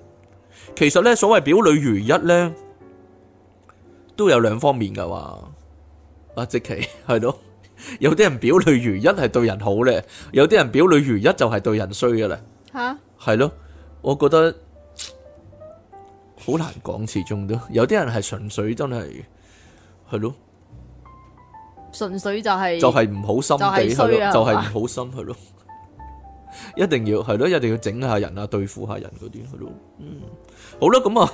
其實咧，所謂表裏如一咧，都有兩方面噶。哇，阿即奇係咯，有啲人表裏如一係對人好咧，有啲人表裏如一就係對人衰噶啦。吓，係咯，我覺得。好難講，始終都有啲人係純粹真係係咯，純粹就係、是、就係唔好心地係咯，就係、是、唔好心係咯，嗯、 一定要係咯，一定要整下人啊，對付下人嗰啲係咯，嗯，好啦，咁啊，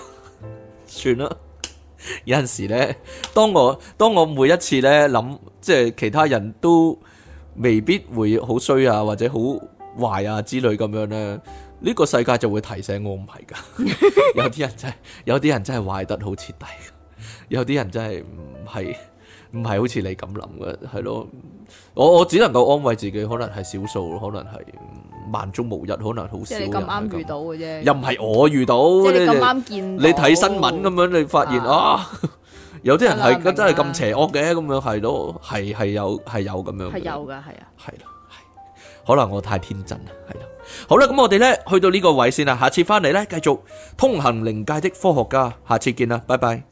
算啦， 有陣時咧，當我當我每一次咧諗，即係其他人都未必會好衰啊，或者好壞啊之類咁樣咧。呢個世界就會提醒我唔係㗎，有啲人真係有啲人真係壞得好徹底，有啲人真係唔係唔係好似你咁諗嘅，係咯。我我只能夠安慰自己，可能係少數，可能係萬中無一，可能好少人。即係你咁啱遇到嘅啫，又唔係我遇到。即係你咁啱見。你睇新聞咁樣，你發現啊，有啲人係真係咁邪惡嘅，咁樣係咯，係係有係有咁樣。係有㗎，係啊。係啦，可能我太天真啦，係啦。好啦，咁我哋咧去到呢個位先啦，下次翻嚟咧繼續通行靈界的科學家，下次見啦，拜拜。